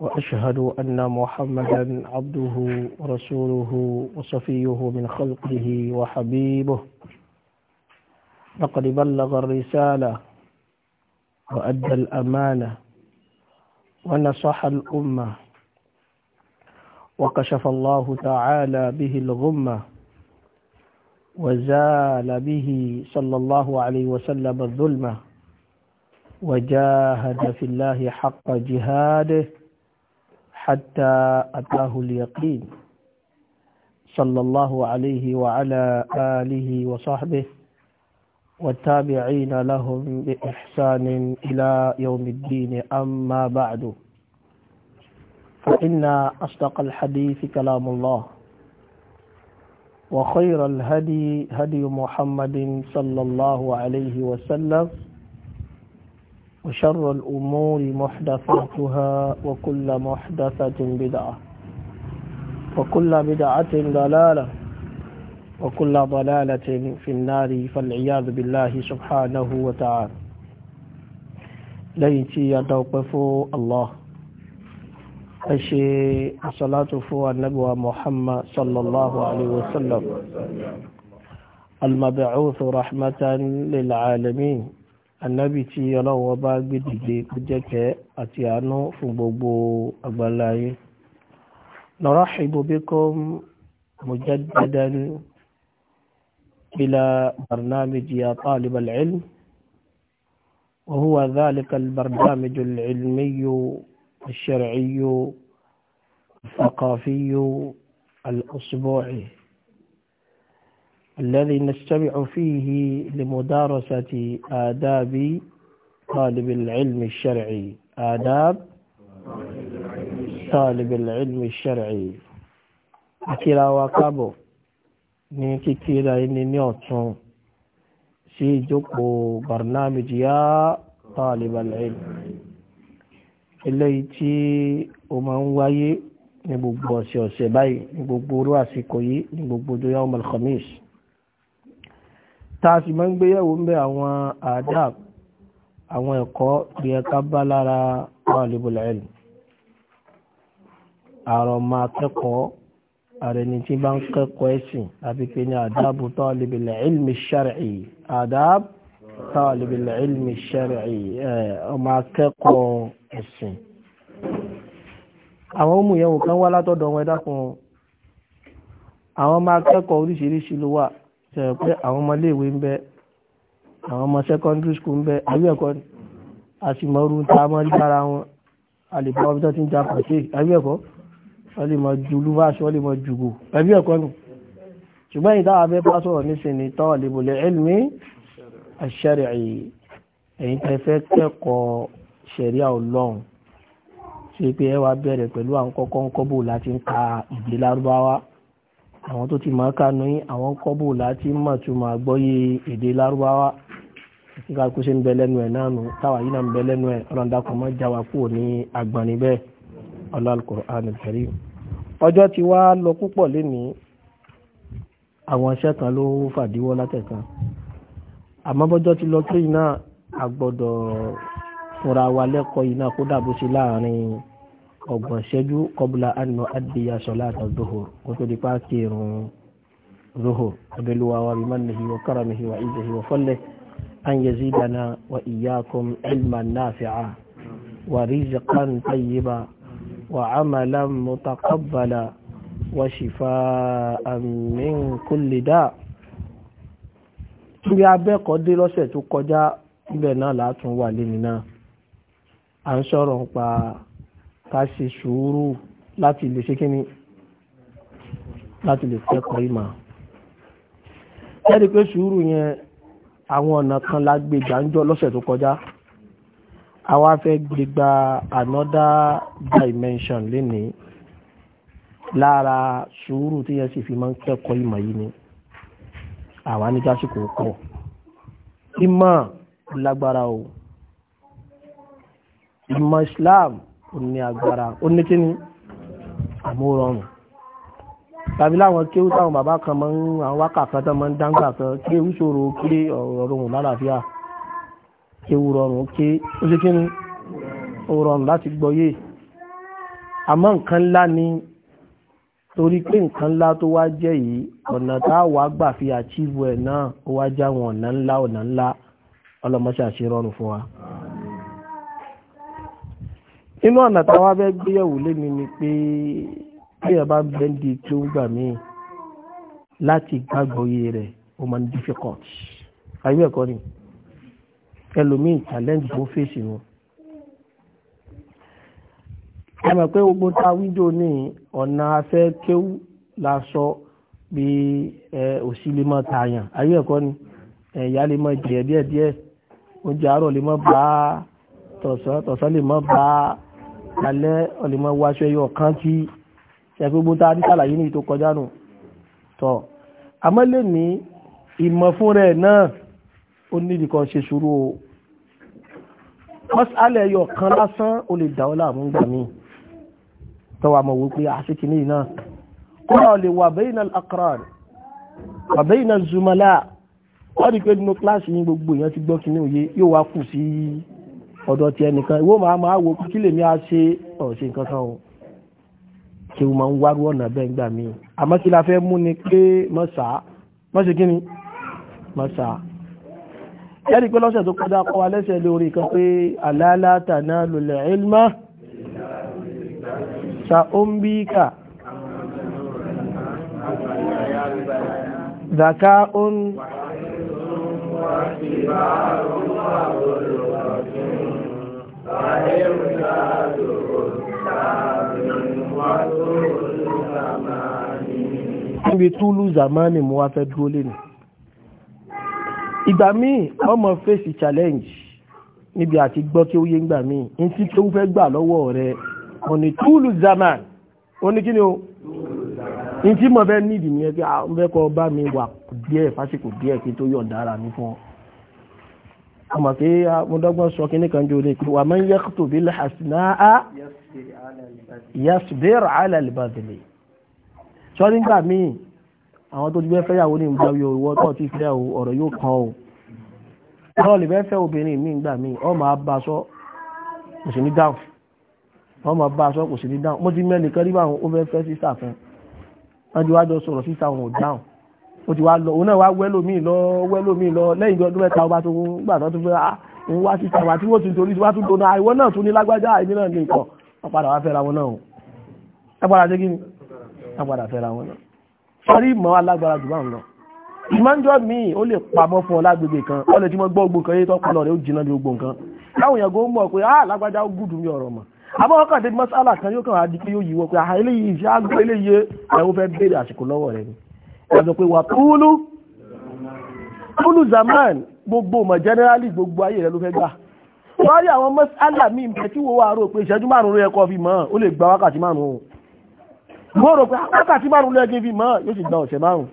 وأشهد أن محمدا عبده ورسوله وصفيه من خلقه وحبيبه لقد بلغ الرسالة وأدى الأمانة ونصح الأمة وكشف الله تعالى به الغمة وزال به صلى الله عليه وسلم الظلمة وجاهد في الله حق جهاده حتى أتاه اليقين صلى الله عليه وعلى آله وصحبه والتابعين لهم بإحسان إلى يوم الدين أما بعد فإن أصدق الحديث كلام الله وخير الهدي هدي محمد صلى الله عليه وسلم وشر الأمور محدثاتها وكل محدثة بدعة وكل بدعة ضلالة وكل ضلالة في النار فالعياذ بالله سبحانه وتعالى ليتي يتوقف الله أشي الصلاة فو النبوة محمد صلى الله عليه وسلم المبعوث رحمة للعالمين anabi tí ọlọ́wọ́ bá gbé dìde kó jẹ́kẹ́ àti àánú fún gbogbo àgbáláyé narahibu bikum mujaddadan ila barnamiji ya talib al-ilm wa huwa dhalika al-barnamij al-ilmiy al-shar'iy al-thaqafiy al-usbu'i الذي نجتمع فيه لمدارسة آداب طالب العلم الشرعي آداب طالب العلم الشرعي akira wa kábọ̀ ní kíkíra ẹni ní ọ̀tún sí ìjókòó barnamij ya talibal ilm eléyìí tí ó máa ń wáyé ní gbogbo ọ̀sẹ̀ ọ̀sẹ̀ báyìí ní gbogbo orú àsìkò yìí ní gbogbo ọjọ́ yawm al khamis tá a sì máa ń gbéyẹ̀wò ń bẹ àwọn adab àwọn ẹ̀kọ́ bí ẹka bá lára talibul ilm àrọ̀ máa kẹ́kọ̀ọ́ ààrẹ ni tí bá ń kẹ́kọ̀ọ́ ẹ̀sìn àbí pé ní adabu talibul ilmi shar'i adab talibul ilmi shar'i ọmọ akẹ́kọ̀ọ́ ẹ̀sìn àwọn ọmọ yẹn kan wá látọ̀dọ̀ wọn ẹ̀dá kan àwọn ọmọ akẹ́kọ̀ọ́ oríṣiríṣi ló wà tẹ̀rọ pé àwọn ọmọ iléèwé ń bẹ àwọn ọmọ secondary school ń bẹ àbí ẹ̀kọ́ ni a sì mọ orú tá a mọ rí lára wọn a lè bá ọbẹ̀ tó ti ń ja pàṣẹ àbí ẹ̀kọ́ wọ́n lè mọ ju olúfàṣọ wọ́n lè mọ jùgò àbí ẹ̀kọ́ ni ṣùgbọ́n yìí táwọn abẹ́ bá sọ̀rọ̀ nísìnyí tọ́ ìlébòlẹ̀ ẹ̀lmí àṣẹrìí ẹ̀yin tẹ́ fẹ́ kẹ́kọ̀ọ́ ṣẹ̀ríà ọlọ́run ṣe pé ẹ wá bẹ̀rẹ̀ pẹ̀lú àwọn àwọn tó ti máa kánú yín àwọn kọ́bù láti mọ̀ tó máa gbọ́yé èdè lárúbáwá nígbà kó ṣe ń bẹ lẹ́nu ẹ̀ náà nù táwa yìí náà ń bẹ lẹ́nu ẹ̀ ọlọ́dà kò mọ́ já wa kúrò ní agbani bẹ́ẹ̀ Al-Qur'an ọjọ́ ti wá lọ púpọ̀ lénìí àwọn iṣẹ́ kan ló fàdíwọ́ látẹ̀kan àmọ́ bọ́jọ́ ti lọ kí iná àgbọ̀dọ̀ fúnra wa lẹ́kọ̀ọ́ iná kó dàbó sí láàrin ọgbọ̀n ṣẹ́jú kọbùlà àná àdìyà sọlá àtàdóhùr kó tó di pa kírun zuhur abẹ́lúwa wa bí mannihi wa karamihi wa izihi wa fọ́lẹ̀ an yazidana wa iyyakum ilman nafi'a wa rizqan tayyiba wa amalan mutaqabbala wa shifaan min kulli da abẹ́kọ̀ọ́ dé lọ́sẹ̀ tó kọjá ibẹ̀ náà látún wà lẹ́ni náà à ń sọ̀rọ̀ nípa ká ṣe sùúrù láti lè ṣe kíni láti lè kẹ́kọ̀ọ́ ìmọ̀ ẹ̀rí pé sùúrù yẹn àwọn ọ̀nà kan la gbé gbàǹjọ lọ́sẹ̀ tó kọjá àwa fẹ́ gbé gba another dimension lénìí lára sùúrù tí yẹn sì fi máa ń kẹ́kọ̀ọ́ ìmọ̀ yìí ni àwa ní jásìkò pọ̀ ìmọ̀ lágbára o ìmọ̀ Islam ó ní agbára ó ní kíni àmúrọ̀rùn tàbí láwọn kéwú táwọn bàbá kan máa ń àwọn wákà kan tó máa ń dáńgbà kan kéwú ṣòro ké ọ̀rọ̀ rọrùn lálàáfíà kéwú rọrùn ké ó ṣe kíni ó rọrùn láti gbọ́yé àmọ́ nǹkan ńlá ni torí pé nǹkan ńlá tó wá jẹ́ yìí ọ̀nà táwa gbà fi àchíìvù ẹ̀ náà ó wá já wọn ọ̀nà ńlá ọ̀nà ńlá ọlọ́mọṣẹ́ àṣírọ́rùn fún wa inú ọ̀nà táwa fẹ́ gbéyẹ̀wò lémi ni pé bẹ́ẹ̀ bá bẹ́ndì tí ó ń gbà mí láti gbàgbọ́ iye rẹ̀ ó máa ń difficult ayé ẹ̀kọ́ ni ẹlòmíì challenge tó fèsì nu. ẹ mọ̀ pé gbogbo ta wíńdò ní ọ̀nà afẹ́ kéwú la sọ bí òsì lè máa tààyàn ayé ẹ̀kọ́ ni ẹ̀yà lè máa jẹ̀ díẹ̀díẹ̀ oúnjẹ àárọ̀ lè máa bá tọ̀sán tọ̀sán lè máa bá alẹ́ ọ̀lẹ́mọ̀ wọ aṣọ ẹyọ kan tí ṣẹ̀gbogbo tá a ní sàlàyé ní ètò kọjá nù tọ̀ àmọ́ lè ní ìmọ̀ fún rẹ̀ náà ó nídìí kan ṣe sùúrù o mọ́sálẹ̀ ẹyọ kan lásán ó lè dà ọ́ láàmú gbà mí tọ́wọ́ àmọ̀ wò pé àṣekìní náà kọ́ra ò lè wà bẹ́yìn náà akran wà bẹ́yìn náà zumala wọ́n rí i pé nínú kíláàsì yín gbogbo èèyàn ti gbọ́ kíní òye yóò wá kù sí ọ̀dọ̀ ti ẹnìkan ìwọ máa máa wo kí lèmi á ṣe ọ̀ṣẹ́ nǹkan kan o kí o máa ń wárú ọ̀nà bẹ́ẹ̀ ń gbà mí àmọ́ kí la fẹ́ mú ni pé mọ́ sá mọ́ ṣe kí ni mọ́ sá ẹ̀rí pé lọ́sẹ̀ tó kọjá kọ́ wa lẹ́sẹ̀ lórí kan pé àlàálá tàná lulẹ̀ ilmá sa ombika zaka on. Wa ìbá ọlọ́wọ́ lọ́wọ́ níbi túlù zamani mo wá fẹ́ dúró lé ní ìgbà míì ọmọ fèsì challenge níbi àti gbọ́ kí ó yé ńgbà míì ní tí kí ó fẹ́ gbà lọ́wọ́ rẹ̀ ọ̀nì túlù zamani ó ní kí ni o ní tí mo fẹ́ nídìí ni ẹ àwọn ah, fẹ́ kọ́ bá mi wà díẹ̀ fásitì díẹ̀ kí tó yọ̀ǹda ara mi fún ọ àmọ̀ pé amúdọ́gbọ́n sọ kí nìkan jò lè wà man yakhtu bil hasana'a yasbir ala al-badli sọ nígbà míì àwọn tó ti fẹ́ fẹ́yàwó ní ìgbà yóò wọ́ tó ti fẹ́ ọ̀rọ̀ yóò kan o lọ́ọ̀lì fẹ́ fẹ́ obìnrin míì ìgbà míì ọ máa bá sọ kò sí ní dáhùn ọ máa bá sọ kò sí ní dáhùn mo ti mẹ́nìkan rí báwọn ó fẹ́ fẹ́ sísà kan wọ́n ti wájọ sọ̀rọ̀ sísà wọn ò dáhùn ó ti wá lọ òun náà wá wẹ́lòmíì lọ wẹ́lòmíì lọ lẹ́yìn bí ọdún mẹ́ta ọba tó gbà tó tún fẹ́ ah ń wá sí tàwa tí wọ́n ti torí wá tún dona àìwọ́ náà tún ní lágbájá àìní náà ní nǹkan wọ́n padà wá fẹ́ra wọn náà o ẹ padà ṣe kí ni ẹ padà fẹ́ra wọn náà sọrí ìmọ̀ alágbára jù báwọn lọ ìmọ̀njọ́ mi ò lè pamọ́ fún ọ lágbègbè kan ọ lè ti mọ gbọ́ ogbò kan yé tó pọ̀ lọ rẹ̀ ó jìnnà ní ogbò nǹkan láwọn èèyàn gbọ́ mọ̀ pé ah lágbájá ó gùdù mi ọ̀rọ̀ mọ̀ àmọ́ wọn kàn mọ́sálà kan yóò kàn á di pé yóò yíwọ́ pé ah eléyìí ìṣe àgbọ̀ eléyìí ẹ̀wọ́ fẹ́ béèrè àsìkò lọ́wọ́ rẹ̀ ni ọ̀dọ̀ pé wà kúlú kúlú zaman gbogbo mọ̀ generally gbogbo ayé rẹ̀ ló fẹ́ gbà wọ́n rí àwọn mọ́sálà mi ń bẹ tí wọ́n wà rò pé ìṣẹ́jú márùn-ún ẹ̀kọ́ fi mọ́ ó lè gba wákàtí márùn-ún mo rò pé wákàtí márùn-ún lẹ́ẹ̀kí fi mọ́ yóò sì gba ọ̀sẹ̀ márùn-ún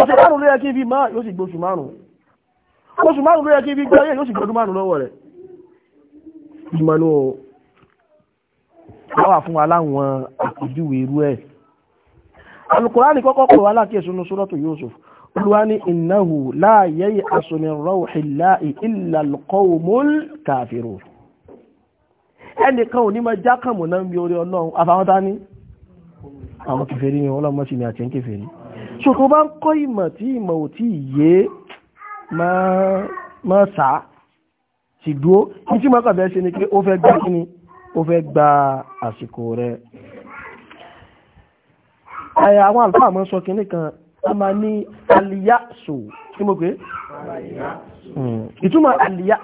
ọ̀sẹ̀ márùn-ún lẹ́ẹ̀kí fi mọ́ yóò sì gbóṣù márùn-ún oṣù márùn-ún lẹ́ẹ̀kí fi gbọ́ yóò sì gbọ́dún márùn-ún lọ́wọ́ rẹ̀ ìmọ̀nù àwọn àfún aláwọn àpèjúwe irú ẹ̀ alukurani kọ́kọ́ pè wá láàkíyèsí ní suratu Yusuf olúwa ní innahu la yai'asu min rawhillahi illa alqawmul kafirun ẹnìkan ò ní máa jákàmù náà bí orí ọlọ́run àfàwọn ta ní àwọn kèfèrí ni wọ́n lọ́mọ́ sí ni àti ń kèfèrí so tó bá ń kọ́ ìmọ̀ tí ìmọ̀ ò tí yé máa sá sì dúó ní tí mọ́kànlẹ́ ṣe ni pé ó fẹ́ gbá kíni ó fẹ́ gba àsìkò rẹ̀ àwọn àlùfáà mọ́ sọ kìíní kan a máa ní aliyasu kí mo pé ìtumọ̀ aliya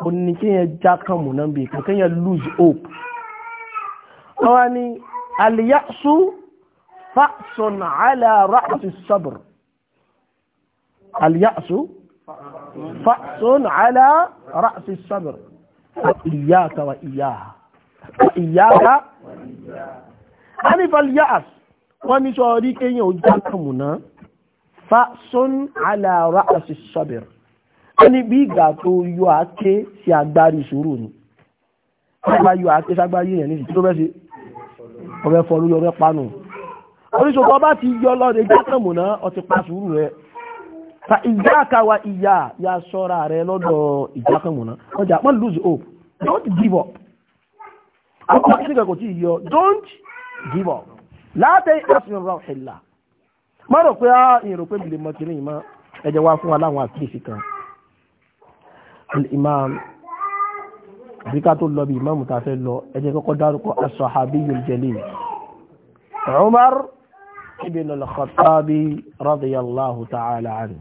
kò ní kí yẹn já kan mù náà bí kò kí yẹn lose hope ọwọ́ ni aliyasu fa'sun ala ra'si sabr aliyasu fa'sun ala ra'si sabr iyaka wa iyaha iyaka anifal ya'as wọ́n ní sọ rí kéèyàn ojú àkàmùná fa sún aláàrá àti sọ́bẹ̀rẹ̀ wọ́n ní bí ìgbà tó yọ àáké sí agbárí ìṣòro ni wọ́n bá yọ àáké ságbárí èèyàn ní ìṣòro bẹ́ẹ̀ sí ọbẹ̀ fọ lórí ọbẹ̀ panu oríṣun tó ti yọ lọ́dẹ jákàmùná ọtí pa sùúrù rẹ̀ fa ìjà àkàwà ìyá ya sọ́ra rẹ̀ lọ́dọ̀ ìjákàmùná ọjà wọ́n lose hope don't give up àwọn ọmọ kí don't give up látẹ̀ ìrọ̀sìn rọ̀ ìlà má rò pé ah, ìrò pé bìlẹ̀ mọ́kìnrin ìmọ̀ ẹjẹ́ wá fún wa láwọn àkíyèsí kan imam àbíká tó lọ bí imam ta fẹ́ lọ ẹjẹ́ kọ́kọ́ dárúkọ as-sahabiyyul jalil umar ibn al-khattab radiyallahu ta'ala anhu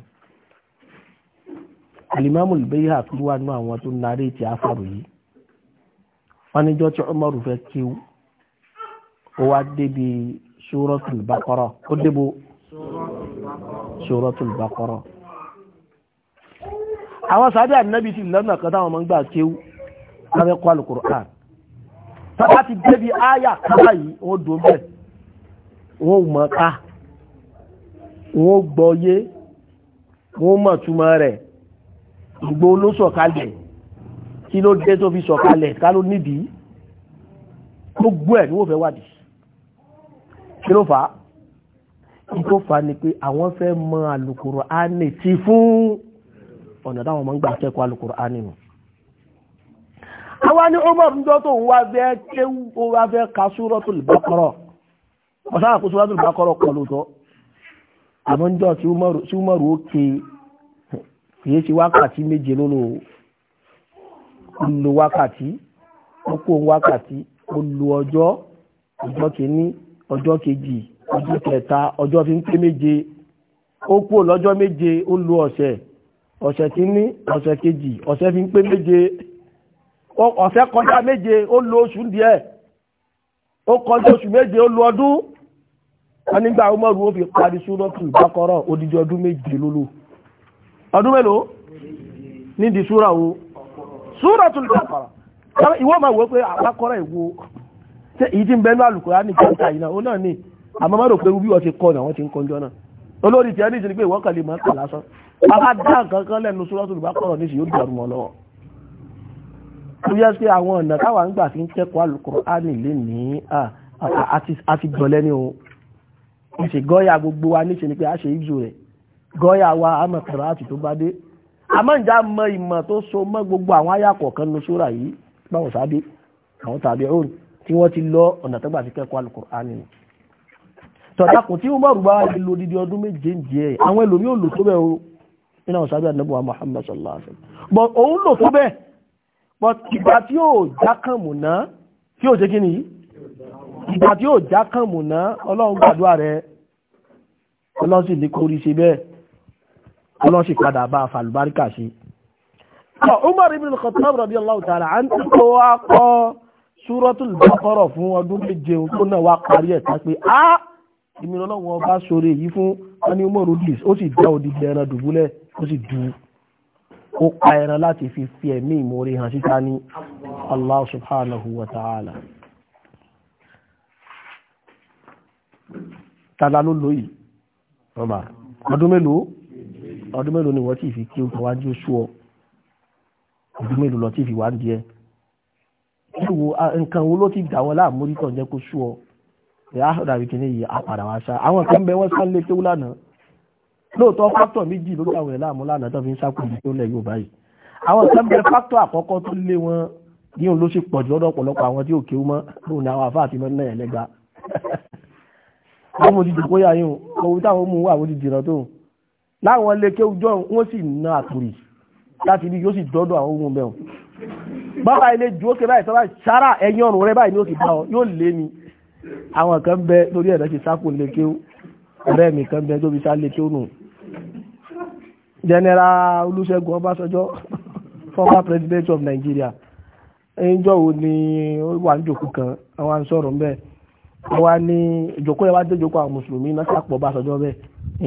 ó wá débi suratul baqara ó débo suratul baqara àwọn sàbí ànábì sí lọ́nà kan táwọn máa ń gbà kéwú lábẹ́ kọ́ alukur'an tọ́lá ti débi áyà kábà yìí wọ́n dùn bẹ́ẹ̀ wọ́n mọ̀ ká wọ́n gbọ́ yé wọ́n mọ̀ túmọ̀ rẹ̀ ìgbó ló kí ló dé tó fi sọ̀kalẹ̀ ká ló nídìí gbogbo ẹ̀ ni wọ́n fẹ́ wádìí kí ló fà á kí ló fà á ni pé àwọn fẹ́ mọ Al-Qur'ani ti fún ọ̀nà táwọn ọmọ ń gbà kẹ́kọ̀ọ́ Al-Qur'ani nù àwa ní Umar ń jọ tó ń wá fẹ́ kéwú ó wá fẹ́ ka Suratul Baqara ọ̀sán àkó Suratul Baqara kọ lóòótọ́ àmọ́ ń jọ tí Umar ó ké kìí ṣe wákàtí méje ló lò lo wákàtí ó kó wákàtí ó lo ọjọ́ ọjọ́ kìíní ọjọ́ kejì ọjọ́ kẹta ọjọ́ fi ń pé méje ó kú lọ́jọ́ méje ó lo ọ̀sẹ̀ ọ̀sẹ̀ kìíní ọ̀sẹ̀ kejì ọ̀sẹ̀ fi ń pé méje ọ̀sẹ̀ kọjá méje ó lo oṣù díẹ̀ ó kọjá oṣù méje ó lo ọdún wọn nígbà ọmọrù ó fi parí súrọ́tù ìbákọ́rọ̀ odidi ọdún méje lólo ọdún mélòó nídìí súrà wo súrọ́tù ìbákọ́rọ̀ ìwọ́n máa wọ pé àbákọ́rọ̀ ìwo ṣé èyí tí ń bẹ́ẹ̀ ní àlùkòrá ní kẹta yìí náà ó náà ní àmọ́ má rò pé bí wọ́n ti kọ́ náà wọ́n ti ń kọjọ́ náà olórí tiẹ̀ níṣẹ́ ni pé ìwọ́n kàn lè máa kà lásán bàbá dá nǹkan kan lẹ́nu sọ́rọ́sọ́ lùbá kọ̀rọ̀ níṣẹ́ yóò dàrú wọn ni pé a ṣe ìjù rẹ̀ gọ́yà wa àmọ̀ kẹrọ àti tó bá dé àmọ́ ìjà mọ ìmọ̀ tó so mọ́ gbogbo àwọn ayàkọ̀ọ̀kan ní sóra yìí báwọn àwọn tàbí tí wọ́n ti lọ ọ̀nà tó gbà fi kẹ́kọ̀ọ́ alukur'ani ni tọ̀dákùn tí Umaru bá wáyé lo dídí ọdún méje díẹ̀ àwọn ẹlòmí ò lò tó bẹ́ẹ̀ o nínú àwọn sábẹ́ àdínàbò wa Muhammad sallallahu alaihi wasallam but òun lò tó bẹ́ẹ̀ but ìgbà tí yóò já kàn mù ná tí yóò ṣe kí nìyí ìgbà tí Umar ibn al-Khattab radiyallahu ta'ala anhu kó wá kọ́ Suratul Baqara fún ọdún méje tó náà wá parí ẹ̀ ká pé á ìmìíràn lọ́wọ́ ọba sóre yìí fún ẹni mọ́rún dis ó sì dá òdìdí ẹran dùbúlẹ̀ ó sì dù ó pa ẹran láti fi fi ẹ̀mí ìmoore hàn síta ní Allah subhanahu wa ta'ala. tala ló lóyìí Umar ọdún mélòó ọdún mélòó ni wọ́n ti fi kí o wájú sú ọ ọdún mélòó lọ ti fi wá ń di ẹ wo nǹkan wo ló ti dà wọ́n láàmú rí kàn jẹ́ kó sú ọ ìyá àdàbí kìíní yìí àpàdà wá ṣá àwọn kan bẹ wọ́n sá lé kéwú lánàá lóòótọ́ fáktọ̀ méjì ló gbàwẹ̀ láàmú lánàá tó fi ń sákòjì tó lẹ̀ yóò báyìí àwọn kan bẹ fáktọ̀ àkọ́kọ́ tó lé wọn ní òun ló ṣe pọ̀ jù lọ́dọ̀ ọ̀pọ̀lọpọ̀ àwọn tí ò kéwú mọ́ lóun ni àwọn àfáà ti mọ́ náà ẹ̀lẹ́gbàá wọ́n mo ti dìbò yà yín o owó táwọn mú wà wọ́n ti dìrọ̀ tó láwọn lè kéwú jọ wọ́n sì ná àkùrì láti ibi yóò sì dọ́dọ̀ àwọn ohun mẹ́wọ̀n bàbá ilé ju ókè báyìí sọ́bà sára ẹ̀yìn ọ̀rùn rẹ báyìí ni ó ti bá ọ yóò lé ni àwọn kan bẹ lórí ẹ̀rọ ti sákò lékè ọ̀rẹ́ mi kan bẹ tóbi sá lékè nù general Olúṣẹ́gun Ọbásanjọ́ former president of Nigeria ẹ̀yìnjọ́ wo ni ó wà ń jòkó kan àwọn à ń sọ̀rọ̀ mbẹ́ wọ́n wá ní ìjòkó yẹn wá dé ìjòkó àwọn mùsùlùmí náà sápọ̀ Ọbásanjọ́ bẹ́ẹ̀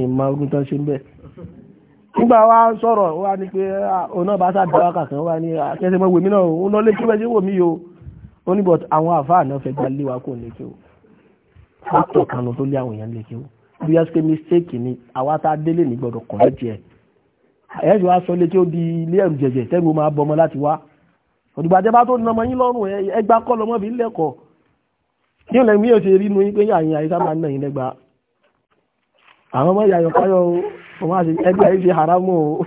ìmọ̀ ogun tán ṣe ń bẹ́ẹ̀ nígbà wa sọ̀rọ̀ wa ni pé ọ̀nà ah, bá sàdáwà kàkan wa ni akẹ́sẹ̀ ah, mọ́ wèmí náà ó lọ lékí bẹ́ẹ̀ sí wòmí o ó ní bọ̀t àwọn àfáà náà fẹ́ gba lé wa kò lékí o pátọ̀ kanu tó lé àwọn èèyàn lékí o bí yẹn ṣe mistake ni àwa tá a délé ní gbọdọ̀ kọ̀ lẹ́tì ẹ̀ ẹ̀yẹ́ sì wá sọ lékí ó di ilé ẹ̀rù jẹjẹ tẹ́lu máa bọmọ láti wá òdìgbà tẹ́ bá tó nà ọmọ yín lọ́rùn ẹ gbá ọmọ àti ẹgbẹ́ yìí fi haramu o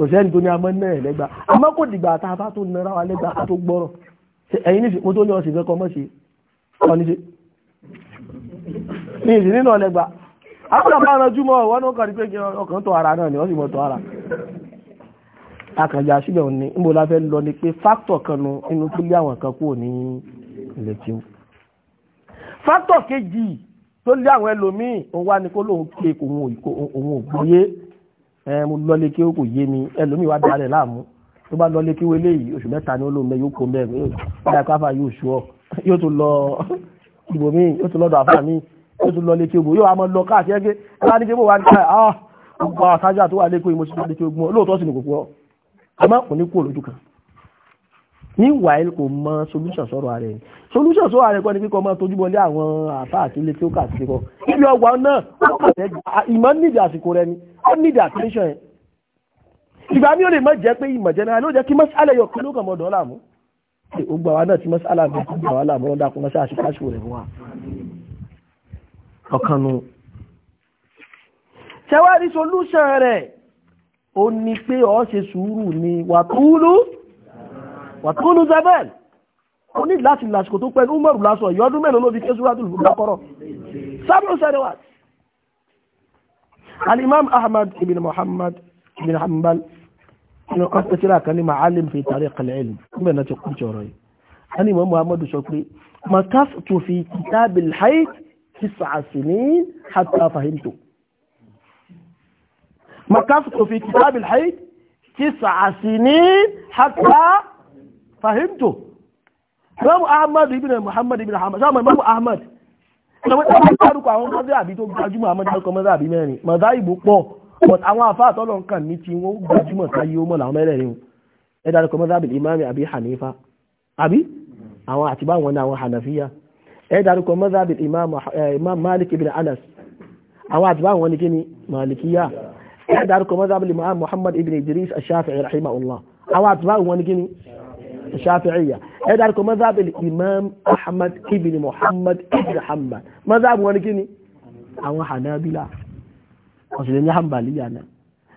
òṣèlú tó ní amọ́ náà lẹ́gbàá àmọ́ kò dìgbà tá a bá tó nira wa lẹ́gbàá tó gbọ́rọ̀ ẹ̀yin ní mo tó ní ọ̀sìn fẹ́ kọ́ mọ́ sí ọ ní ṣe ní ìsìn nínú ọ̀lẹ́gbàá àkùnà bá ranjú mọ́ ọ̀wọ́ ní ọkàn pé ọkàn tó ara náà ni wọ́n sì mọ́ tó ara akànjà síbẹ̀ òní ń bo la fẹ́ lọ ni pé fáktọ̀ kan nu inú tó lé àwọn kan kúrò tó lé àwọn ẹlòmíì òun wá ní kó lóun ké kò òun ò gbóyé ẹ mo lọlé kí ó kò yé mi ẹlòmíì wá darẹ̀ láàmú tó bá lọlé kí ó eléyìí oṣù mẹ́ta ni ó lóun bẹ yóò kó mẹ́rin yóò dá ẹ̀kọ́ yóò ṣù ọ́ yóò tún lọ ìbò míì yóò tún lọ́dọ̀ àfà míì yóò tún lọlé kí ó bò yóò wá mọ lọ káàkiri ẹgbẹ́ ẹ ní kí mo wá ní ká ah gbogbo àwọn sájà tó wà lẹ́kọ̀ọ́ yìí mo ṣe lọlé kí ó gbọ́n lóòótọ́ sì ní kò pọ̀ àmọ́ kò ní kú òlójú kan meanwhile kò mọ solution sọ̀rọ̀ ààrẹ ni solution sọ̀rọ̀ ààrẹ kọ́ ni kíkọ́ máa tójú bọlé àwọn àfa àtúnlé tí ó kà sí kọ́ ibi ọgbà náà ìmọ̀ nídìí àsìkò rẹ ni ó nídìí attention yẹn ìgbà mi ò lè má jẹ́ pé ìmọ̀ general ló jẹ́ kí mọ́sálẹ̀ yọ kí ló kàn mọ́ dọ́là mú ó gbà wá náà tí mọ́sálà mi gbà wá làmú ọ̀dà kó mọ́sálà sí káṣíwò rẹ̀ wá ọ̀kan nu ṣẹ́wárí solution rẹ̀ ó ní pé ó ṣe sùúrù ni wàtúlù wàtúnú zabel ó ní láti lásìkò tó pẹ́ umaru lásọ ìyọdún mélòó ló fi ké suratul baqara sábà sẹ́rẹ̀wàt alimam ahmad ibn muhammad ibn hanbal inú ọ̀pọ̀ tíra kan ní ma'alim fi tariq al-ilm níbẹ̀ náà ti kú jọrọ yìí a ní mọ́ muhammadu sọ pé makaftu fi kitab al-hayd tis'a sinin hatta fahimtu makaftu fi kitab al-hayd tis'a sinin hatta fahimtu imamu ahmad ibn muhammad ibn ahmad sáwọn imamu ahmad ìjọba tí wọ́n dárúkọ àwọn mọ́sí àbí tó gbajúmọ̀ àwọn mọ́sí mọ́sí àbí mẹ́rin mọ́sá ìbò pọ̀ but àwọn àfáà tọ́lọ̀ nǹkan ní ti wọ́n gbajúmọ̀ sáyé ó mọ́ làwọn mẹ́rẹ̀ẹ̀rin ẹ dárúkọ mọ́sí àbí imami àbí hanifa àbí àwọn àtibá wọn ní àwọn hanafiya ẹ dárúkọ mọ́sí àbí eh, imam malik ibn anas àwọn àtibá wọn ní kíni malikiya ẹ dárúkọ mọ́sí àbí imam muhammad ibn idris shafi'iyya ẹ dárúkọ mazhab imam ahmad ibn muhammad ibn hanbal mazhab wọn kí ni àwọn hanabila ọ̀sẹ̀lẹ̀ ní hanbaliya náà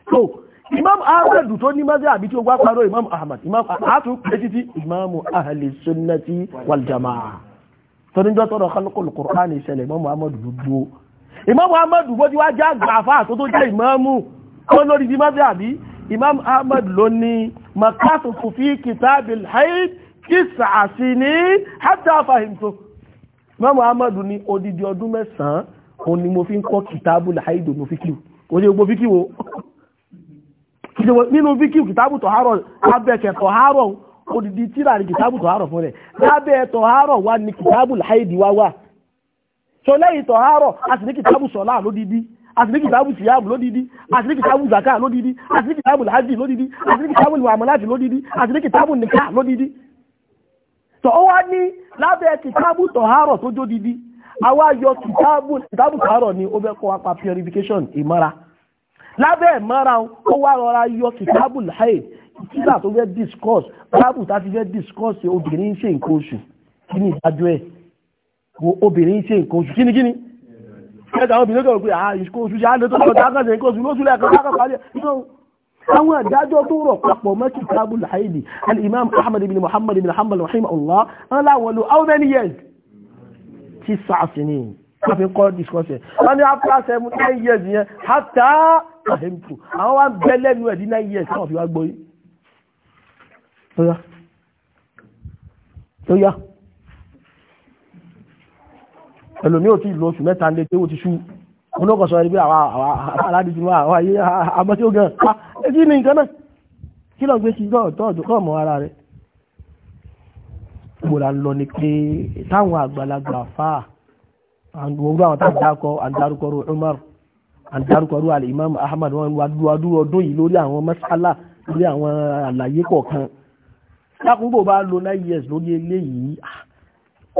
so imam ahmad tó ní mazhab tí ó gbá parọ́ imam ahmad imam ahmad pé títí imam ahli sunnati wal jama'a torí jọ tọrọ khalqul qur'an ìṣẹ̀lẹ̀ imam ahmad gbogbo imam ahmad bó ti wá já gbàfà tó tó jẹ́ imam kọ́ lórí bí mazhab imam ahmad ló ní مكثت في كتاب الحيض تسع سنين حتى فهمته Imam Ahmad ní odidi ọdún mẹ́sàn-án òun ni mo fi ń kọ́ kìtàbù làáìdò mo fi kíw o ní gbogbo fi kíw o nínú fi kíw kìtàbù tọ̀hárọ̀ abẹ́kẹ̀ tọ̀hárọ̀ odidi tíra ní kìtàbù tọ̀hárọ̀ fún rẹ̀ lábẹ́ tọ̀hárọ̀ wá ní kìtàbù làáìdì wá wà so lẹ́yìn tọ̀hárọ̀ àtìlíkì tábù síyáàbù lódìdí àtìlíkì tábù zaka lódìdí àtìlíkì tábù làájì lódìdí àtìlíkì tábù wàmọ́láàjì lódìdí àtìlíkì tábù nìkà lódìdí tọ́ ó wá ní lábẹ́ kìtábù tọ̀hárọ̀ tó jó didi àwa yọ kìtábù kìtábù tọ̀hárọ̀ ni ó fẹ́ kọ́ apá purification ìmọ́ra lábẹ́ ìmọ́ra ó wá rọra yọ kìtábù láì kíkà tó fẹ́ discuss tábù tá fi fẹ́ discuss obìnrin ṣe nǹkan oṣù kí ni ìdájọ́ ẹ̀ obìnrin ṣe ẹ̀ta àwọn obìnrin kọ̀ọ̀ pé àà ah, ìṣkó oṣù ṣáà lè tó lọ dákàtẹ̀ ìkó oṣù lóṣù lẹ́ẹ̀kan dákàtẹ̀ àlẹ́ al-haidi al-imam ahmad how many years ti sàásì ni wọ́n fi kọ́ discussion wọ́n ní years yẹn hatta ahimtu àwọn wa bẹ́ nine years wọ́n fi wá gbọ́ yìí. tó ẹlòmí ò tí ìlú oṣù mẹ́ta lé pé ó ti ṣú olókọ̀ sọ ibi àwọn aládìjú wa àwọn ayé àmọ́ tí ó gan ah, ẹjí ní nǹkan náà kí lọ gbé sí tọ́ọ̀tọ́ kọ́ mọ́ ara rẹ̀ mo là ń lọ ni pé táwọn àgbàlagbà fà àwọn àwọn tàbídákọ àdárúkọrò Umar àdárúkọrò al-Imam Ahmad wọn wàdúwàdú ọdún yìí lórí àwọn masala lórí àwọn àlàyé kọ̀ọ̀kan lákùnkò bá lo nine years lórí eléyìí ah,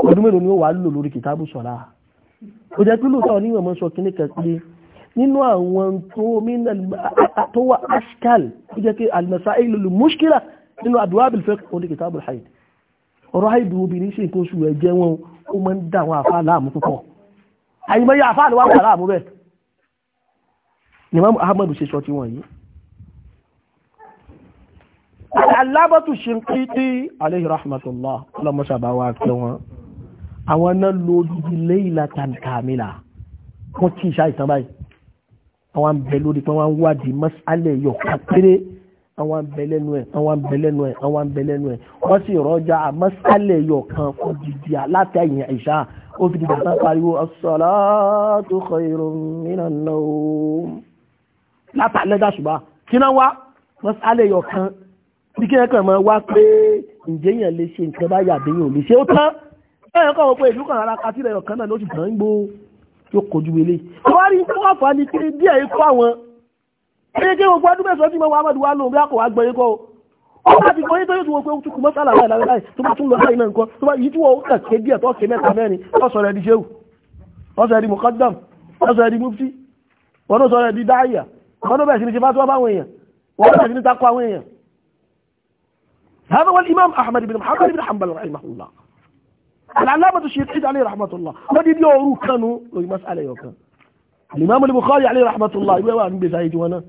ọdún mélòó ni ó wà lò lórí kìtàbù sọ̀lá ó jẹ́ pé lóòótọ́ ní ìwọ̀n sọ kíní kẹsí nínú àwọn tó wà ashkal ó jẹ́ pé al-masail al-mushkila nínú abwab al-fiqh oní kìtàbù haid ọ̀rọ̀ haid obìnrin sì kó sùn ẹ̀jẹ̀ wọn ó máa ń dá àwọn àwọn náà lo odidi léyìlá tàǹkàmìlà wọ́n tí ìṣá ìtàn báyìí àwọn àbẹ lórí pé wọ́n wádìí mọ́sálẹ̀ yọ kápẹ́rẹ́ àwọn àbẹ lẹ́nu ẹ̀ àwọn àbẹ lẹ́nu ẹ̀ àwọn àbẹ lẹ́nu ẹ̀ wọ́n sì rọ́jà mọ́sálẹ̀ yọ kan kó dìdì látẹ̀yìn ìṣá ó fi dìgbà tán pariwo as-salatu khayrun minan nawm látàlẹ́ dàṣùbà kí náà wá mọ́sálẹ̀ yọ kan bí kí ẹ kàn máa wá pé ǹjẹ́ yẹn lè ṣe nǹkan báyà àbẹ́yìn ò lè ṣe ó tán ẹ̀rọ kọ́ wọ́pọ̀ ìlú kan ara kàtí rẹ̀ ọ̀kan náà lóṣù kan ń gbó yóò kojú ilé ìwárí tó ní kí díẹ̀ ikú àwọn kéèké gbogbo ọdún mẹ́sàn-án tí mo wà mọ́dún wá lóun bí àkọ́wà gbọ́ ikọ́ ó bá ti gbọ́yé tó yóò pé ó tukù mọ́sálà láì láì láì tó bá tún lọ láì náà nǹkan tó bá yìí tí wọ́n ó díẹ̀ tó ké mẹ́ta mẹ́rin ọ̀sọ̀ رحمه الله alámọ̀tò ṣe kéde alẹ́ rahmatullah wọ́n di bí ooru kanu lórí masalẹ̀ yọ̀ kan alimami ni bukhari alẹ́ rahmatullah ìwé wa nígbèsè ayé tiwọn náà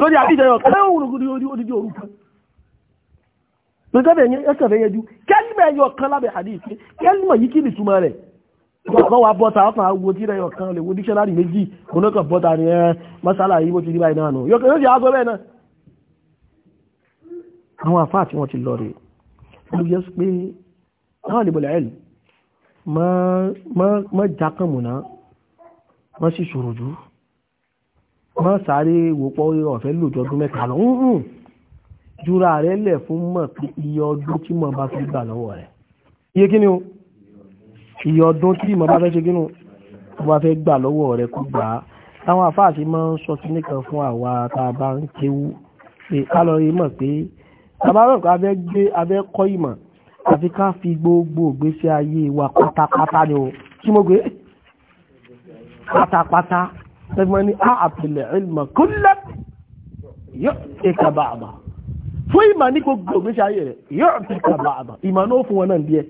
lórí àdìjẹ yọ̀ kan lẹ́wọ̀n wọ́n odidi ooru kan lọ́sẹ̀ yẹn ẹsẹ̀ fẹ́ yẹjú kẹ́lìmọ̀ yọ̀ kan lábẹ́ hadith kẹ́lìmọ̀ yìí kí ni túmọ̀ rẹ̀ ọkàn wa bọ́ta ọkàn agbo tí rẹ̀ ọkàn lè wo dictionary méjì onákan bọ́ta ni ẹ eh, masala yìí bó ti rí báyìí náà nù yọkàn yóò di aago bẹ́ẹ̀ náà. àwọn àfáà tí wọ́n ti lọ rè é ló yẹ pé náà lè bọ̀lẹ̀ ẹ̀lì mọ́ jákàmùná ma sí ṣòro jù mọ́ sáré wòpọ̀ ọ̀fẹ́ lòjọ́ ọdún mẹ́ta lọ hùn jura rẹ̀ lẹ̀ fún mọ̀ pé iye ọdún tí mọ̀ bá fi gbà lọ́wọ́ rẹ̀ iye kí ni o iye ọdún tí mọ̀ bá fẹ́ ṣe kí ni o bá fẹ́ gbà lọ́wọ́ rẹ̀ kó gbà á àwọn àfáàṣì máa ń sọ sí nìkan fún àwa tá a bá ń kéwú pé ká lọ rí mọ̀ pé tàbá rẹ̀ kó a fẹ́ gbé a àfi ká fi gbogbo ìgbésí ayé wa pátápátá ni o kí mo gbé pátápátá ẹgbẹ́ ní àpìlẹ̀ ilmọ̀ kúlẹ̀ yóò ṣe kaba àbá fún ìmọ̀ ní gbogbo ìgbésí ayé rẹ̀ yóò ṣe kaba àbá ìmọ̀ náà fún wọn náà díẹ̀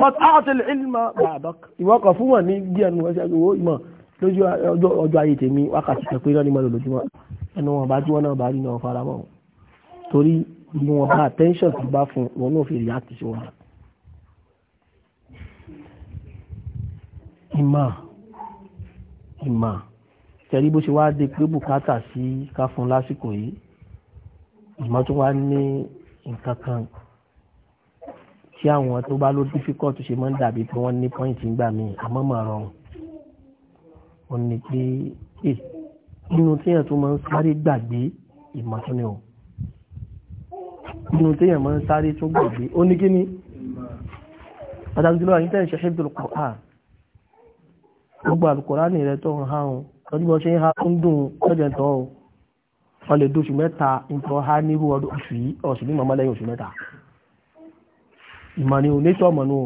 but àpìlẹ̀ ilmọ̀ bàbá ìwọ́kọ̀ fún wọn ní díẹ̀ nù ẹ̀ṣẹ̀ ìwọ́ ìmọ̀ lójú ọjọ́ ayé tèmi wákàtí kẹpẹ́ náà ní mọ́ lójúmọ́ ẹnu wọn bá tí wọn náà bá rí náà fara ni wọn bá attention tó bá fún wọn náà fi react sí wọn. ìmọ̀ ìmọ̀ tẹ̀rí bó ṣe wá dé pé bùkátà sí ká fún lásìkò yìí ìmọ̀ tó wá ní nǹkan kan tí àwọn tó bá ló difficult ṣe máa ń dàbí pé wọ́n ní point ń gbà mí àmọ́ mà rọrùn ó ní pé nínú tíyàn tó máa ń sáré gbàgbé ìmọ̀ tó ní o nínú téèyàn máa ń sáré tó gbàgbé ó ní kíní pàtàkì jùlọ àyíká ìṣe hebdul gbogbo Al-Qur'an rẹ tó ń háhùn lọ́jọ́ bọ́ ń ha ń dùn lọ́jọ́ tó o mẹ́ta nǹkan ha nírú ọdún oṣù yìí ọ̀sùn ní màmá lẹ́yìn oṣù mẹ́ta ìmọ̀ ni ò ní sọ̀mọ̀ nù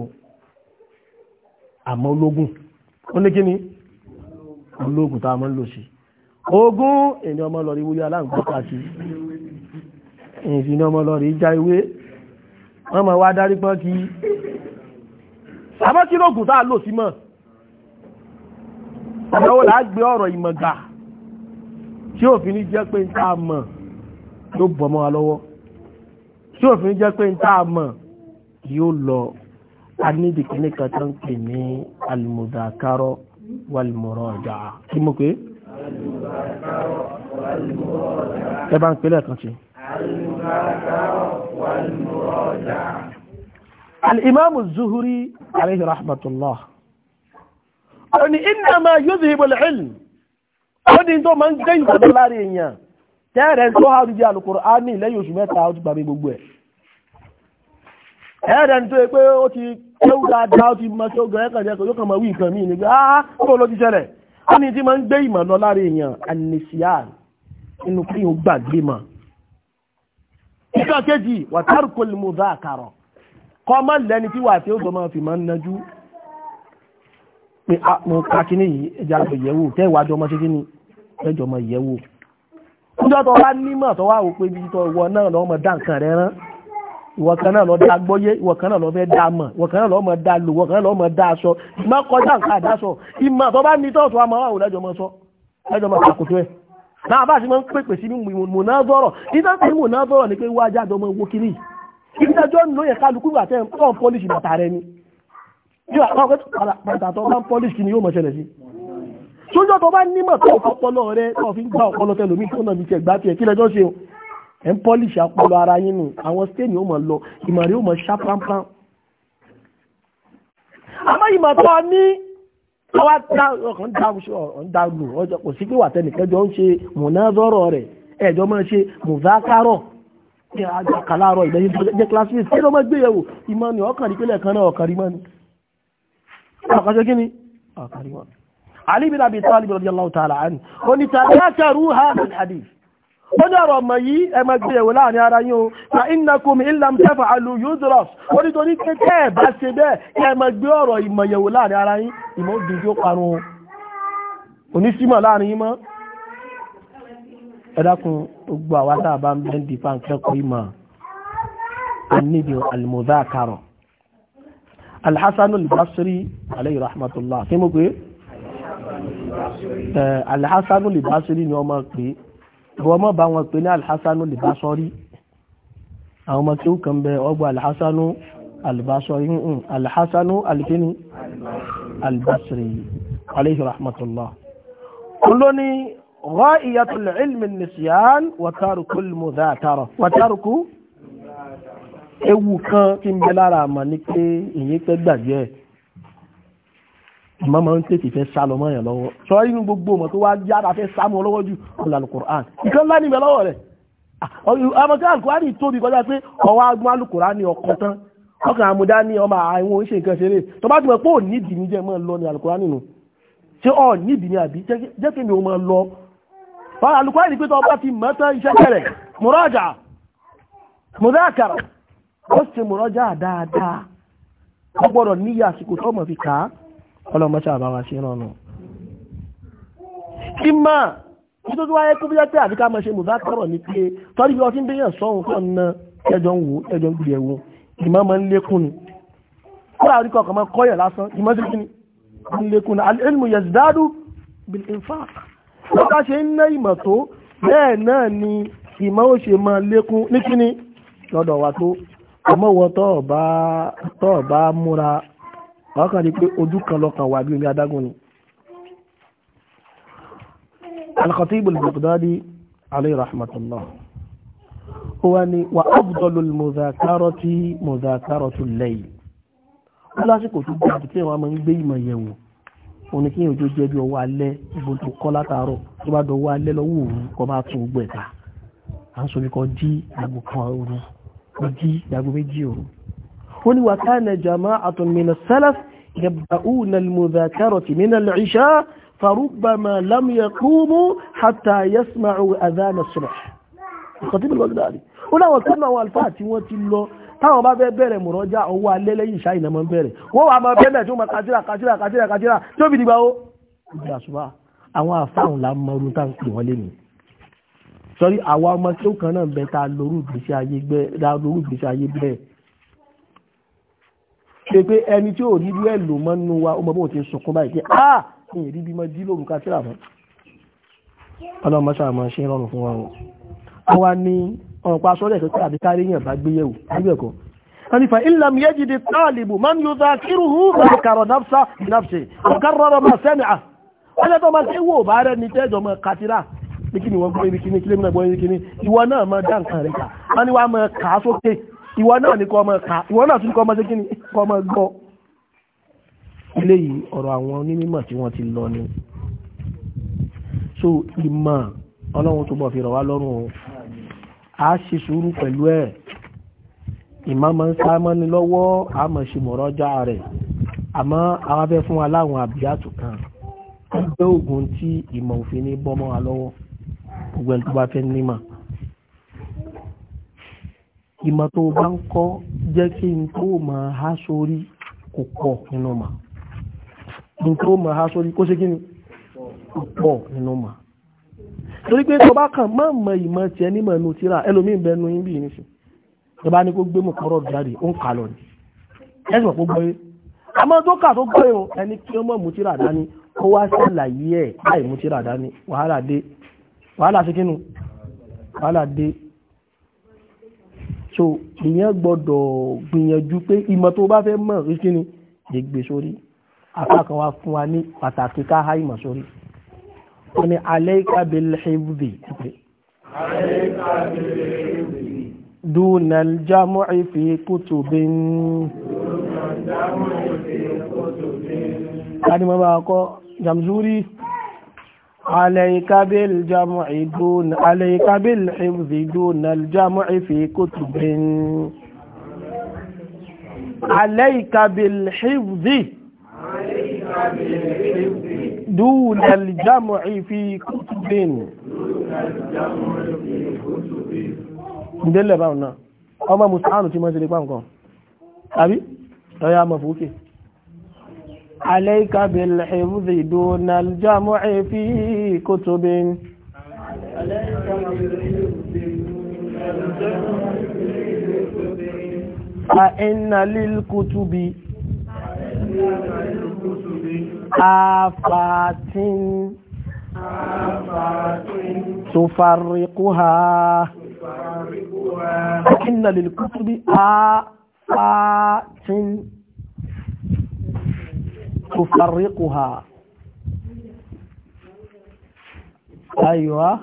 àmọ́ ológun ó ní kíní ológun tá a máa ń lò sí ogun ènìyàn ìfìnà ọmọ lọ rí já ewé wọ́n mọ̀ wá darí pọ́n kí sàmọ́ kí lóògùn tá a lò sí mọ́ ọ̀dọ́wò là á gbé ọ̀rọ̀ ìmọ̀gà tí òfin ní jẹ́ pé ń tá a mọ̀ ló bọ̀ mọ́ wa lọ́wọ́ tí òfin jẹ́ pé ń tá a mọ̀ yóò lọ a ní ìdíkíní kan tó ń pè ní almudakarọ walmuraja kí mo pé والمراجعة الإمام الزهري عليه رحمة الله أن إنما يذهب العلم أن إنتو من جيد بالله tẹ́ẹ̀rẹ̀ tó há rí di alùkùránì lẹ́yìn oṣù mẹ́ta ó ti gbàgbé gbogbo ẹ̀ ẹ̀rẹ̀ tó yẹ pé ó ti kéwù dáadáa ó ti mọ tí ó gẹ̀rẹ́ ìjọ kejì wàtàrí kò lè mú bá àkàrọ̀ kọ́ mọ́ lẹ́ni tí wà tí ó gbọmọ fi máa ń nájú pé mo ka kíní yìí ẹja lọ yẹ̀wò tẹ́ ìwà jọmọ ṣe kíní ẹjọ mọ yẹ̀wò níjọ́ tó wá nímọ̀ tó wá wò pé ìwọ náà lọ́ mọ̀ dá nǹkan rẹ rán ìwọ náà lọ́ dá gbọ́yé ìwọ náà lọ́ fẹ́ dá mọ̀ ìwọ náà lọ́ mọ̀ dá lò ìwọ náà lọ́ mọ̀ dá aṣọ ìmọ̀ kọjá nǹkan àdáṣọ ìmọ̀ tó bá ní tọ́ọ̀tù wa mọ̀ wà sọ lẹ́jọ́ mọ̀ ẹ̀ náà bá ṣe máa ń pèpè sí mọ̀nàzọ́rọ̀ ìdájọ́ ní mọ̀nàzọ́rọ̀ ni pé wá jáde ọmọ owó kiri ìdájọ́ ló yẹ kálukú ìwà tẹ́ ń pọ́líṣì bàtà rẹ ni yíwà kan pé bàtà tó bá ń pọ́líṣì ni yóò mọ̀ ṣẹlẹ̀ sí sójọ́ tó bá nímọ̀ tó ọpọlọ rẹ tó fi ń gba ọpọlọ tẹlòmí tó náà fi tẹ̀ gbá tiẹ̀ kí lẹjọ́ ṣe o ẹ̀ ń pọ́líṣì ọpọlọ ara yín nù àwọn stéènì ó mọ̀ lọ ìmọ̀ràn ó mọ̀ ṣá wá dá ọkàn dá ọ̀n dá lù ọjọ́ kò sí pé wà tẹnìkan jọ ń ṣe mùnádọ́rọ̀ rẹ̀ ẹ̀jọ́ máa ṣe mùzákárọ̀ kàláàrọ̀ ìgbẹ̀yìn jẹ́ classmate kí ló máa gbé yẹ̀wò ìmọ̀ ni ọkàn rí pẹ́lẹ̀ kan náà ọkàn rí mọ́ ni ọkàn ṣe kí ni ọkàn rí mọ́ ni Ali bin Abi Talib radiyallahu ta'ala anhu ó ní tàbí ó ní ọ̀rọ̀ ọmọ yìí ẹmọ gbé ẹ̀wò láàrin ara yín o na innakum illam taf'alu yudras ó ní torí pé tẹ́ ẹ̀ bá ṣe bẹ́ẹ̀ ẹmọ gbé ọ̀rọ̀ ìmọ̀ yẹ̀wò láàrin ara yín ìmọ̀ òdì tí ó parun onísímọ̀ láàrin yín mọ́ ẹ dákun gbogbo al-mudhakara basri alayhi rahmatullah pé wọ́n mọ́ bá wọn pè ní alhassanu libasori àwọn ọmọ tí ó kàn bẹ ọgbà alhassanu albasori ń alhassanu alikini albasri alayhi rahmatullah olóní ghaiyatul ilmi nisyan wàtàrùkú mudhatara wàtàrùkú ewu kan tí ń bẹ lára àmà ní pé ìyẹn pẹ́ gbàgbé ìmọ̀ máa ń tètè fẹ́ sá lọ mọ́yàn lọ́wọ́ sọ inú gbogbo ọmọ tó wá yára fẹ́ sá mọ́ lọ́wọ́ jù ọ̀làlù kùrán ìkan lá níbẹ̀ lọ́wọ́ rẹ̀ ah, ọmọkẹ́ alukùránì tóbi kọjá pé ọwọ́ agbọ́n alukùránì ọkọ̀ tán ọkàn àmúdá ní ọmọ àwọn oníṣe nǹkan ṣeré tó bá ti mọ̀ pé ò ní ìdí ní jẹ́ mọ́ lọ ní alukùránì nù ṣé ọ̀ ní ìdí ní àbí jẹ́ kí mi ò mọ̀ lọ ọ̀rọ̀ alukùránì pé tó bá ti mọ̀ tán iṣẹ́ kẹrẹ̀ mùrọ̀jà mùdákàrà ó sì mùrọ̀jà dáadáa ó gbọ́dọ̀ níyà àsìkò tó mọ̀ fi kàá ọlọ́mọṣẹ́ àbáwá sí ìrànà kí máa kí tó tó wáyé kó bí jẹ́ pé àfikà mọ́ ṣe mú bá ní pé tọ́rí ọtí ń bèèyàn sọ́hun tó na ẹjọ́ ń wò ẹjọ́ ń gbìyẹ̀ wò ìmọ̀ máa ń lékún ni kóra orí kọ̀ọ̀kan máa kọ́yàn lásán ìmọ̀ sí kí ni ń lékún ni al-ilmu yazdadu bil infaq wọ́n bá ṣe ń ná ìmọ̀ tó bẹ́ẹ̀ náà ni ìmọ̀ ó ṣe máa lékún ní kí ni lọ́dọ̀ wa tó àmọ́ wọ tọ́ọ̀ bá múra àwọn kan di pé ojú kan lọ́kàn wà bí omi adágún ni al-Khatib al-Baghdadi alayhi rahmatullah ó wá ní wà afdalu al-mudhakarati mudhakaratu al-layl wọ́n lásìkò tó gbé àti téèyàn máa ń gbé ìmọ̀ yẹ̀wò òní kí òjò jẹ́ bí ọwọ́ alẹ́ ìbò kọ́ látàárọ̀ tó bá dọ̀wọ́ alẹ́ lọ́wọ́ òru kọ́ bá tún gbẹ̀ ká à ń sọ bí kọ́ jí àgbo kan òru kọ́ jí àgbo méjì òru ó ní wa kana jama'atun min as-salaf yabda'una al-mudhakarati فربما لم يقوموا حتى يسمعوا أذان الصبح الخطيب البغدادي ولا وكنا والفاتي وتلو táwọn bá fẹ́ bẹ̀rẹ̀ mọ̀rọ́já ọwọ́ alẹ́ lẹ́yìn ìṣá ìnàmọ́ bẹ̀rẹ̀ wọ́n wà máa bẹ́ẹ̀ tí ó máa kàtírà kàtírà kàtírà kàtírà tí ó fi dìgbà ó ìgbà ṣùgbà àwọn àfáàhùn la mọ orun táà wọ́n lé mi sọ́rí àwọn ọmọ tí ó kan náà bẹ lórú ìgbésí ayé bẹ́ẹ̀ ṣe pé ẹni tí ò rí irú ẹ̀ lò mọ́ nínú wa ó mọ bóun ti sunkún báyìí pé a ah! ìyẹn rí bí mọ́ dí lóru ká síra ọlọ́run mọ́ṣáà máa ṣe rọrùn fún wa o. wọ́n wá ní ọ̀rọ̀ pa aṣọ́lẹ̀ pé àbí kárí yàn bá gbé yẹ̀wò níbẹ̀ kọ́. wọ́n ní fa ilam yejide taalibu man yu ta kiru hu ma karo nafsa nafse ọ̀kárọ̀rọ̀ ma sẹ́mi à. wọ́n yẹ tó ma ṣe wò bá rẹ̀ ní tẹ́jọ́ mọ́ katira kí ni wọ́n gbé ibi kíní kílé mi náà gbọ́ ibi kíní ìwọ náà máa dá nǹkan rẹ̀ kà wọ́n ní wàá máa kà á sókè ìwọ náà ní kọ́ ọmọ ká ìwọ náà tún ní ọmọ ṣe ni kọ́ ọmọ gbọ́. eléyìí ọ̀rọ̀ àwọn onímọ̀ tí wọ́n ti lọ ni so ìmọ̀ ọlọ́run tó bọ̀ fi rọ̀ wá lọ́rùn o a ṣe sùúrù pẹ̀lú ẹ̀ ìmọ̀ máa ń sá mọ́ni lọ́wọ́ a máa ṣe mọ̀rọ́jà rẹ̀ àmọ́ àwọn afẹ́ fún wa láwọn àbíyàtò kan ẹgbẹ́ òògùn tí ìmọ̀ òfin ní bọ́mọ́ wa lọ́wọ́ gbogbo ẹni tó bá fẹ́ nímọ̀ ìmọ̀ tó bá ń kọ́ jẹ́ kí n tó mọ̀ há sórí kò pọ̀ nínú mà n tó mọ̀ há sórí kó ṣe kí ni kò pọ̀ nínú mà torí pé tó bá kàn má mọ ìmọ̀ tiẹ̀ nímọ̀ inú tíra ẹlòmíín bẹ nu yín bí ní sìn tó bá ní kó gbé mọ̀kọ́rọ̀ jáde ó ń kà lọ ni ẹ̀sùn kó gbọ́ yé àmọ́ tó kà tó gbọ́ o ẹni kí ó mọ̀ mú tíra dání kó wá ṣàlàyé ẹ̀ láì mú tíra dání wàhálà dé wàhálà ṣe kínú wàhálà dé so ìyẹn gbọ́dọ̀ gbìyànjú pé ìmọ̀ tó bá fẹ́ mọ̀ rí kíni lè gbé sórí apá kan wá fún wa ní pàtàkì ká há ìmọ̀ sórí wọ́n ní alayka bil hifzi alayka bil hifzi dunal jam'i fi dunal jam'i fi kutubin ká ní mọ́ jamzuri. عليك بالجمع دون عليك بالحفظ دون الجمع في كتب عليك بالحفظ دون الجمع في كتب دون الجمع في كتب ندلل بقى ọmọ mùsùlùmí tí mọ́ sí lè pàǹkan tàbí ọya mọ̀ fòókè عليك بالحفظ دون الجمع في كتب عليك فإن للكتب آفات تفرقها فإن للكتب آفات تفرقها أيوة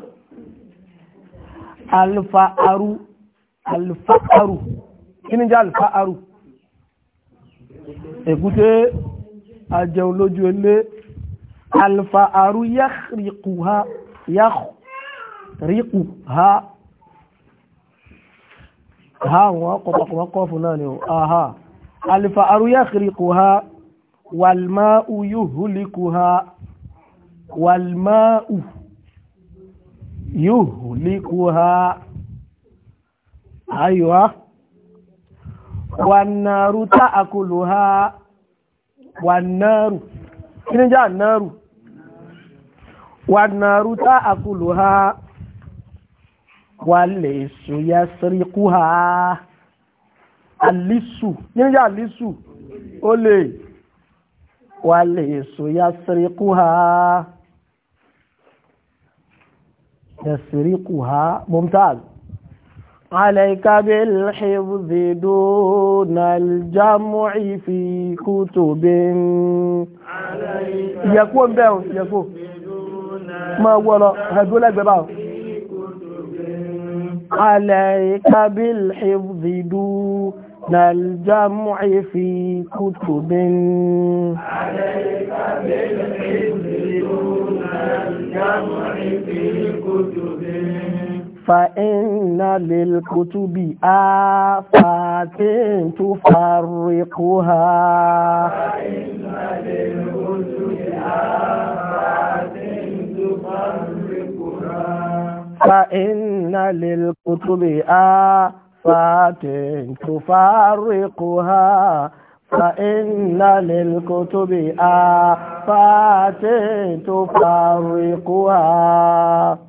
الفأر الفأر كن جاء الفأر Èkúté ajẹ olójú ilé, alfa'aru yáxríkù ha, yáxríkù ha, ha wọn kọ̀kọ̀kọ̀ kọ́fù náà ni, aha, alfa'aru yáxríkù ha, wàlmáù yuhlikuha wàlmáù yuhlikuha aywa wànàrú ta'kuluha wànàrú kí ni jẹ́ ànàrú wànàrú ta'kuluha wàlẹ̀ṣù ya síríkú ha alìsù níjà alìsù ó lè والهس يسرقها يسرقها ممتاز عليك بالحفظ دون الجمع في كتب يكون بيو ما ولا هدول بباو عليك بالحفظ دون حسن الجمع في كتب عليك بالحزب الجمع في كتب فإن للكتب آفات تفرقها فإن للكتب آفات تفرقها فإن للكتب آفات صفات تفرقها فإن للكتب آفات تفرقها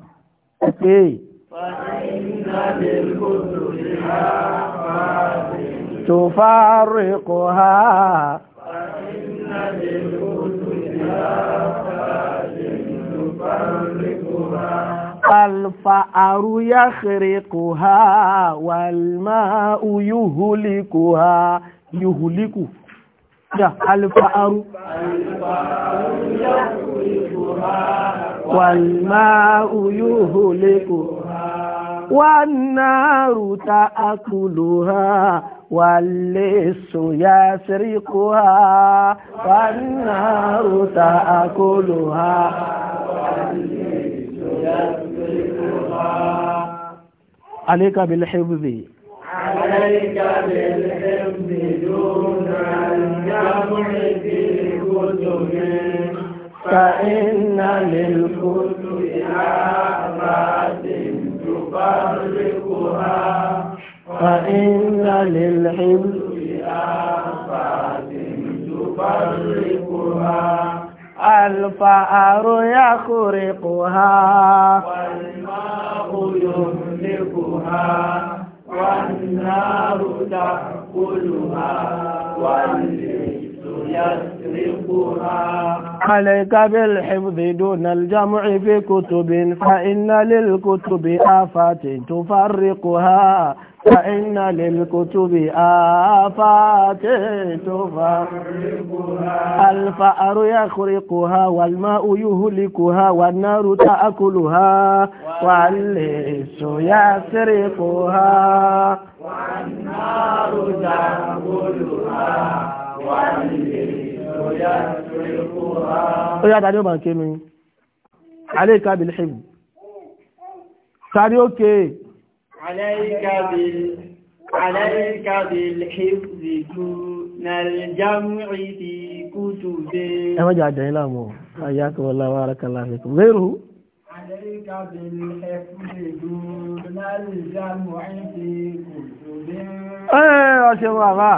إيه؟ فإن للكتب آفات تفارقها فإن للكتب آفات تفرقها الفأر يخرقها والماء يهلكها يهلك الفأر والماء يهلكها والنار تأكلها واللص يسرقها والنار تأكلها واللص عليك بالحفظ عليك بالحفظ دون الجمع في كتب فإن للكتب آفات تفرقها فإن للحفظ الفأر يخرقها والماء يهلكها والنار تأكلها والليس يسرقها عليك بالحفظ دون الجمع في كتب فإن للكتب آفات تفرقها فإن للكتب آفات تفرقها الفأر يخرقها والماء يهلكها والنار تأكلها والليس يسرقها والنار تأكلها والليس يسرقها يا دعوة ما عليك بالحب ساريوكي عليك بال عليك بالحفظ دون الجمع في كتب ẹ má jà jẹ́ ilá mọ̀ ayákọ̀ wọlá wa ara kàlá fi kùn lérò. عليك بالحفظ دون الجمع في كتب. ẹ ọṣẹ wa bá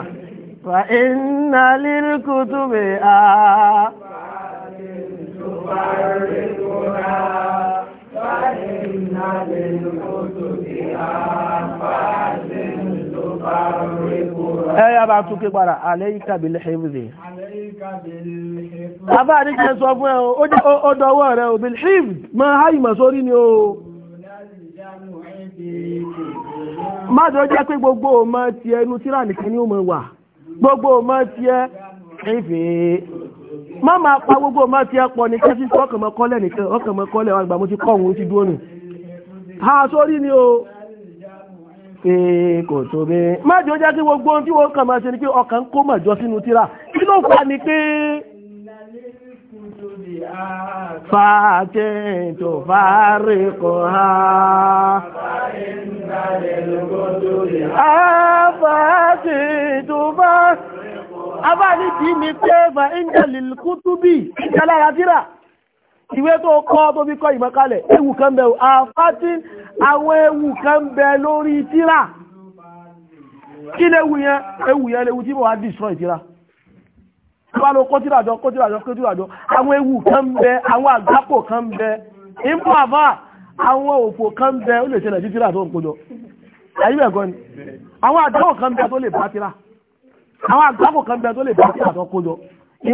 wa iná lírí kutu bẹ́ẹ̀ á. فإن للكتب أنفاس ẹ yá bá tún ké padà àlẹ́yíká bí lẹ́hìnzì àbá sọ fún ẹ dọwọ́ ma háyì mọ̀ sórí ni ó mádọ́ jẹ́ pé gbogbo ọmọ ti ẹnu tíra nìkan ni ó mọ̀ wà gbogbo ọmọ ẹ má máa pa gbogbo má ti ẹpọ̀ ní kẹ́sí tí ọkàn mọ́kọ́lẹ̀ nìkan ọkàn mọ́kọ́lẹ̀ wọn ti kọ́ òun ti nù ha o pé kò tó bẹ́ má jẹ́ ó kí gbogbo ohun tí wọ́n kàn máa ṣe ni pé ọkàn kó mà jọ sínú tíra abáàní tí mi pé fa injẹ̀lì kútúbì ìjẹ́lára tíra ìwé tó kọ́ tó fi kọ́ ìmọ̀kalẹ̀ ewu kan bẹ̀ àfáàtí àwọn ewu kan bẹ̀ lórí tíra kí léwu yẹn ewu yẹn léwu tí mo wá destroy tíra bá lọ kó tíra jọ kó tíra jọ kó tíra jọ àwọn ewu kan bẹ àwọn àgbákò kan bẹ ìmọ̀àbá àwọn òfò kan bẹ ó lè ṣẹlẹ̀ sí tíra tó ń kójọ àyíbẹ̀ gan ni àwọn àdáwò kan àwọn àgbákò kan bẹ tó lè bá sí àtọ́kó lọ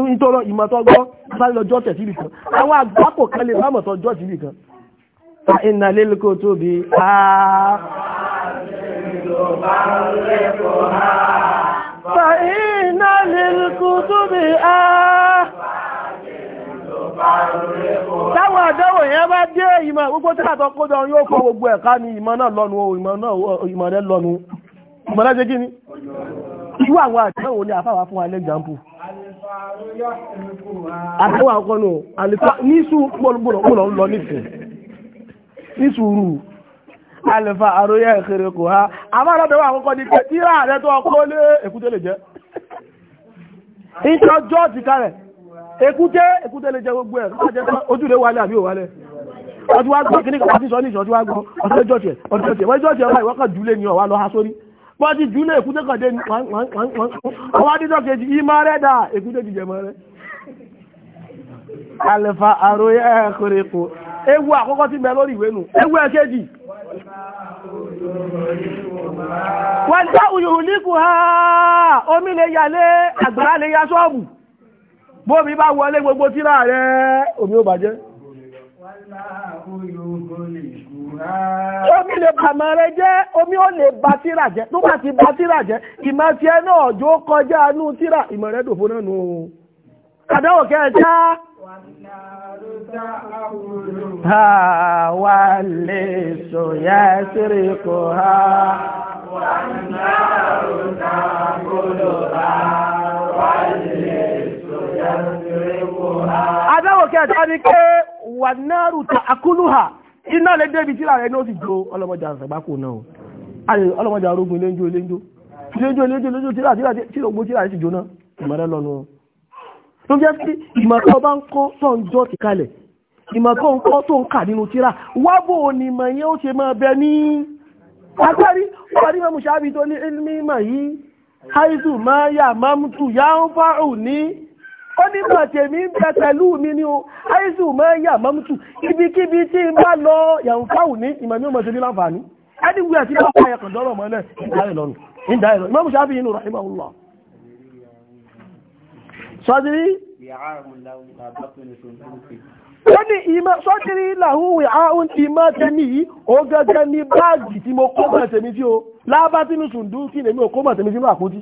nítorọ ìmọ̀tọ́gbọ́ sáré lọ kan àwọn àgbákò kan lè bámọ̀tọ́ jọ́ọ̀ kan fa iná lélùkò tó bí a fa iná lélùkò a táwọn àdánwò yẹn bá dé ìmọ̀ gbogbo tí àtọ́kó jọ yóò kó gbogbo ẹ̀ka ni ìmọ̀ náà lọ́nu ìmọ̀ náà ìmọ̀ rẹ̀ lọ́nu ìmọ̀ rẹ̀ ṣe irú àwọn àtẹ́wò ní àfáwà fún alẹ́gbàmpù àtẹ́wà ọkọ̀nù nísù pọ̀lọ̀pọ̀lọ̀ lọ nífẹ̀ nísùúrù alẹ́fà àróyẹ́ ìkẹrẹ kò ha àmáràbẹ̀wà àkọ́kọ́ ní tíra rẹ̀ tó ọkọ́ lé èkúté lè jẹ́ ìjọ jọ́ọ̀tì kárẹ̀ èkúté èkúté lè jẹ́ gbogbo ẹ̀ ojúlé wálẹ̀ àbí òwálẹ̀ ọdún wá gbọ́ kí ní kàwá sí sọ ní ìṣọ́ ọdún wá gbọ́ ọdún jọ́ọ̀tì ẹ̀ ọdún jọ́ọ̀tì ẹ̀ wọ́n jọ́ọ̀tì ẹ̀ wọ́n ìwọ́kàn jùlé ni ọ̀wá lọ ha sórí wọ́n ti jùlọ èkúté kọ̀dé ní àwọn adíjọ́ kejì ìmọ̀ rẹ̀ dà èkúté jìjẹ̀ mọ́ rẹ̀ alẹ́fà àròyẹ ẹ̀kọ́rẹ́kọ ewu àkọ́kọ́ ti bẹ lórí ìwé nù ewu ẹ̀kejì wọ́n dá uyùhù níkù ha omi lè yà lé àgbàrá lè yà ṣọ́ọ̀bù bómi bá wọlé gbogbo tíra omi bàjẹ́ omi lè bàmọ́ rẹ jẹ́ omi ó lè ba tíra jẹ́ tó bá ti ba tíra jẹ́ ìmọ̀ tiẹ̀ náà jó kọjá inú tíra ìmọ̀ rẹ dòfo náà nù ú àdáwò kẹta wà lè sòyà sírí kò ha wà lè sírí kò wà náàrù ta akúlùhà iná lè débi tí láàrẹ ní ó sì jó ọlọ́mọjà àṣàgbákò náà àti ọlọ́mọjà arógun iléńjó iléńjó iléńjó iléńjó iléńjó tí láàrẹ tí ògbó tí láàrẹ sì jóná ìmọ̀rẹ́ lọ́nu tó jẹ́ sí ìmọ̀tọ́ bá ń kọ́ tó ń jọ́ ti kalẹ̀ ìmọ̀tọ́ ń kọ́ tó ń kà nínú tíra wá bò ní ìmọ̀ yẹn ó ṣe máa bẹ ní agbárí wà ní mọ̀mùsáàbí tó ní ilmi mọ̀ yìí haizu máa yà máa mú tù yá ń fáhùn ní ó ní máa tèmi ń bẹ pẹ̀lú mi ní o àìsù máa yà mọ́mútù ibikíbi tí ń bá lọ yàrá fáwù ní ìmọ̀ ní ọmọdé ní láǹfààní ẹni wí àti bá pa ẹ̀kàn dọ́rọ̀ mọ́lẹ̀ ìdáyẹ̀lọ́rùn ìdáyẹ̀lọ́rùn Imam Shafi'i inú rahimahullah sọ́dírí ó ní ìmọ̀ sọ́dírí làhúwẹ̀ áhùn ìmọ̀ tẹ́mi yìí ó gẹ́gẹ́ ní báàgì tí mo kó mọ̀ tẹ́mi sí o lábá tínú sùndú kí lèmi ò kó mọ̀ tẹ́mi sínú àpótí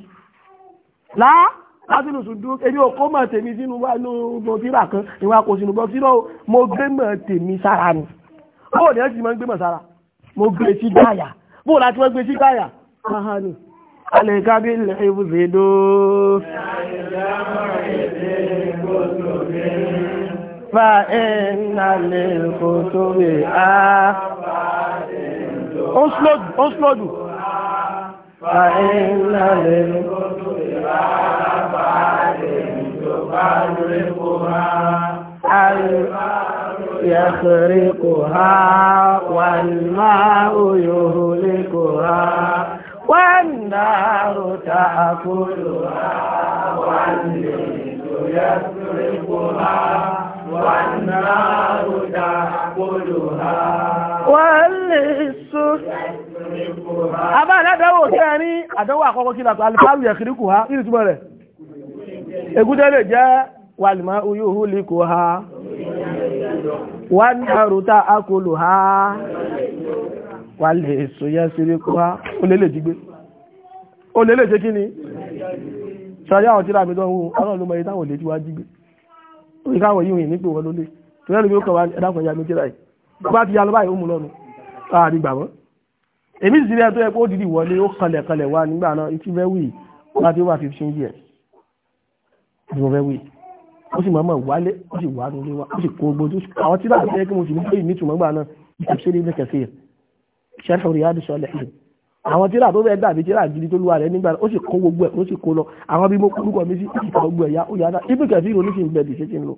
láà lásìlù sùdú èmi ò mọ̀ tèmi sínú wá inú bọ́sírà kan ìwà kò sínú bọ́sírà mo gbé mọ̀ tèmi sára ni bóò ní ẹ máa ń gbé mọ̀ sára mo gbé sí gáyà bóò láti wọ́n gbé sí gáyà ahán ni. alẹ́kábí lẹ́ẹ̀bùsẹ̀ dó. fa ẹ̀ńnà lè kó tóbi á. ó slọ́dù. فإن للكتب بعد تفرقها يخرقها والماء يهلكها والنار تأكلها والليل يسرقها والنار تأكلها واللص Àbá aládẹ́wò kí ẹ ní àdẹ́wò àkọ́kọ́ kí làtọ̀ alifáàrù yẹ̀kìríkù ha, kí ni túnmọ̀ rẹ̀? Ègúdẹ́ lè jẹ́ wàlìmá oyó hólì kò ha, wà ní àrùta akọlù ha, wà lè sọ yẹ́ sírí ha, ó lè lè jígbé. Ó lè lè ṣe kí ni? Sọ̀rí àwọn tíra mi tó ń hù, ìkáwọ̀ yíò yìí nípò wọn lólé tó lẹ́nu bí ó kọ̀wá ẹ̀dàkùn ìyá mi tíra yìí tó bá ti ya lọ báyìí ó mú lọ́nu ààrí gbà wọ́n èmi sì rẹ̀ tó yẹ pé ó dìdì wọlé ó kanlẹ̀ kanlẹ̀ wá nígbà náà ìtí fẹ́ wì láti wà fifteen years ni mo fẹ́ wì ó sì mọ̀ọ́mọ̀ wálé ó sì wà nílé wa ó sì kó gbogbo àwọn tíra àti ẹ̀kí mo sì ní pé ìmìtùmọ̀ gbà náà ìṣẹ́ṣẹ́ àwọn tíra tó fẹ́ dàbí tíra gidi tó lúwa rẹ̀ nígbà ó sì kó gbogbo ẹ̀ ó sì kó lọ àwọn bí mo kúrúkọ mi sí ìkà gbogbo ẹ̀yà ó yára ibi kẹfì ìrònú sì ń bẹ̀ dìṣẹ́ ti ń lò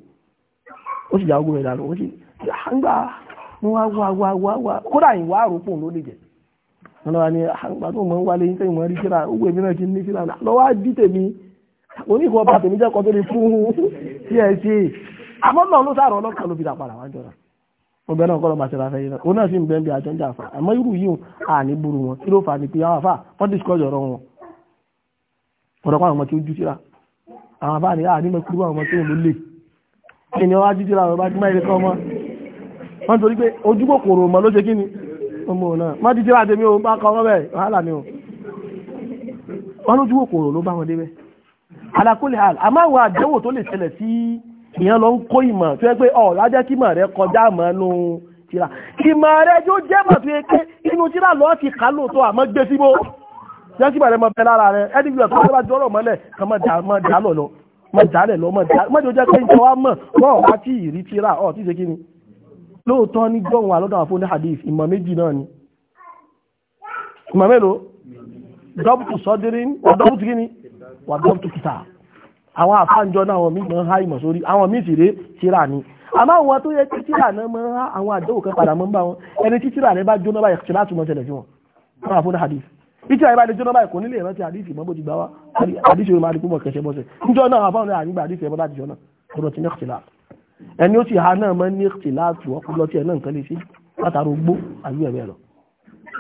ó sì yàgò rẹ̀ dànù ó sì àǹgbà ah, wá wá wá wá wá kódà ìwà àròpọ̀ ló lè jẹ́ wọn lọ́wọ́ ni àǹgbà ah, tó mọ̀ ń wálé yín sẹ́yìn mọ̀ rí tíra ó wèmí náà ti ní tíra lọ́wọ́ á dí tèmi oníkọ̀ọ́ bá tèmi jẹ́ kọ́ tó lè fún un sí ẹ̀ ṣe àmọ́ náà ló sàrọ̀ ọlọ́kàn ló fi dà ọbẹ̀ náà kọ́lọ́ màṣẹ́ra fẹ́ yìí náà òun náà sì ń bẹ́ẹ̀ bí àjọ ń jà fà àmọ́ irú yìí à ní burú wọn kí ló fà ní pé àwọn àfà wọ́n discuss ọ̀rọ̀ wọn ọ̀rọ̀ pa àwọn tí ó jú àwọn àfà ní àní mẹ́kúrú àwọn ọmọ tí òun lè kí ni wọ́n á jú síra ọ̀rọ̀ bá jí máa ìrẹ́kọ́ ọmọ wọ́n torí pé ojú kòkòrò mọ́ ló ṣe kí ni ọmọ náà má ti síra tèmi bá kọ ọmọ bẹ́ẹ̀ wàhálà ni o wọ́n lójú kòkòrò ló bá wọn débẹ̀ alákólè àmọ́ àwọn àdéhùn tó lè ṣẹlẹ̀ sí ìyẹn lọ ń kó ìmọ̀ tó yẹ pé ọ̀la jẹ́ kí ìmọ̀ rẹ kọjá mọ́ nú tíra ìmọ̀ rẹ yóò jẹ́ mọ̀ tó yẹ pé inú tíra lọ́ọ́ ti kà lóòótọ́ àmọ́ gbé síbó jẹ́ kí ìmọ̀ rẹ mọ bẹ lára rẹ ẹni gbìyànjú tó bá jọrọ̀ mọ́lẹ̀ kan mọ́ dà mọ́ dà lọ́lọ́ mọ́ dà lẹ̀ lọ mọ́ dà mọ́ jọ jẹ́ pé ìjọ wa mọ̀ wọ́n wá tí ìrí tíra ọ̀ tí ṣe kí ni lóòótọ́ ní gbọ̀n wà lọ́dọ̀ àfọ ní hadith ìmọ̀ méjì náà ni ìmọ̀ mélòó dọ́bùtù sọ́dírín wà dọ́bùtù kí ni wà dọ́bùtù kìtà àwọn àfáànjọ náà àwọn míì máa ń há ìmọ̀ sórí àwọn míì sì ré tíra ni àmọ́ àwọn tó yẹ títíra náà máa ń há àwọn àdéhùn kan padà máa bá wọn ẹni títíra rẹ bá jóná báyìí ṣe láti mọ ṣẹlẹ̀ sí wọn wọn àfọ́nà hadith ìtí àyíbá ni jóná báyìí kò nílé ìrántí hadith mọ́ bó ti gbá wá hadith yóò máa di púpọ̀ kẹsẹ̀ bọ́sẹ̀ níjọ́ náà àfáwọn náà àyígbà hadith ẹ̀bọ́ láti jọ́nà ọ̀rọ̀ ti ní ìtìlá ẹni ó sì ha náà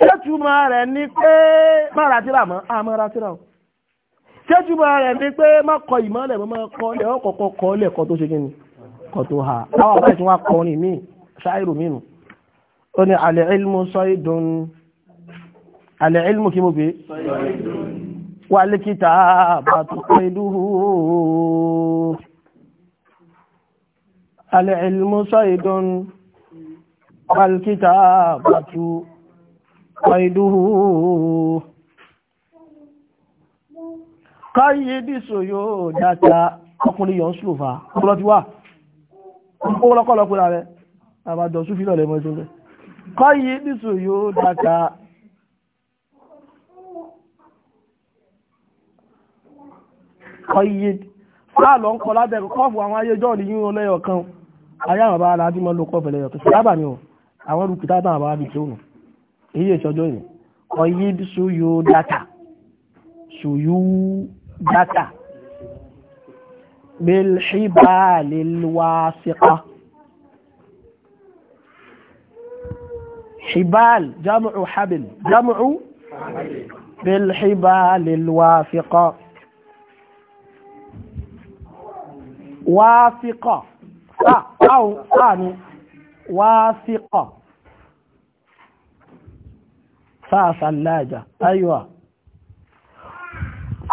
ṣéjúmọ́ rẹ̀ ní pé má ra tíra mọ́ àmọ́ ra tíra o ṣéjúmọ́ rẹ̀ ní pé má kọ ìmọ́lẹ̀ mọ́ máa kọ ilẹ̀ ọkọ̀ọ̀kọ̀ kọ ilẹ̀ tó ṣe kí ni kọ tó ha láwọn àbáyé tí wọ́n kọ ní mí ṣáìrù mí ó ní alẹ́ ilmu sọ́ìdùn alẹ́ ilmu kí mo gbé wà líkítà bàtú pẹ̀lúhù alẹ́ ilmu sọ́ìdùn wà líkítà bàtú pẹ̀lúhù قيده قيد سيودك ọkùnrin yọ̀ ń slova ọkùnrin ti wá ọkùnrin rẹ̀ àbàdàn súnfì lọ́lẹ̀ mọ́ ìṣẹ́lẹ̀ kọ́yí nìsò yóò dáka kọ́yí fáàlọ́ ń kọ lábẹ́ kọ́ọ̀fù àwọn ayéjọ́ ní yíò lẹ́yọ̀ kan ayé àwọn bá aládìmọ́ ló kọ́ọ̀fù lẹ́yọ̀ kan sí lábàmí ọ̀ àwọn olùkítà táwọn bá tí ó nù èyí ìṣọjọ́ ìrìn ọyí ṣúyú dátà ṣúyú dátà bilhiba lilwasiqa hibal jam'u habil jam'u bilhiba lilwasiqa wasiqa fa fa ni wasiqa sáà sàlájà aywa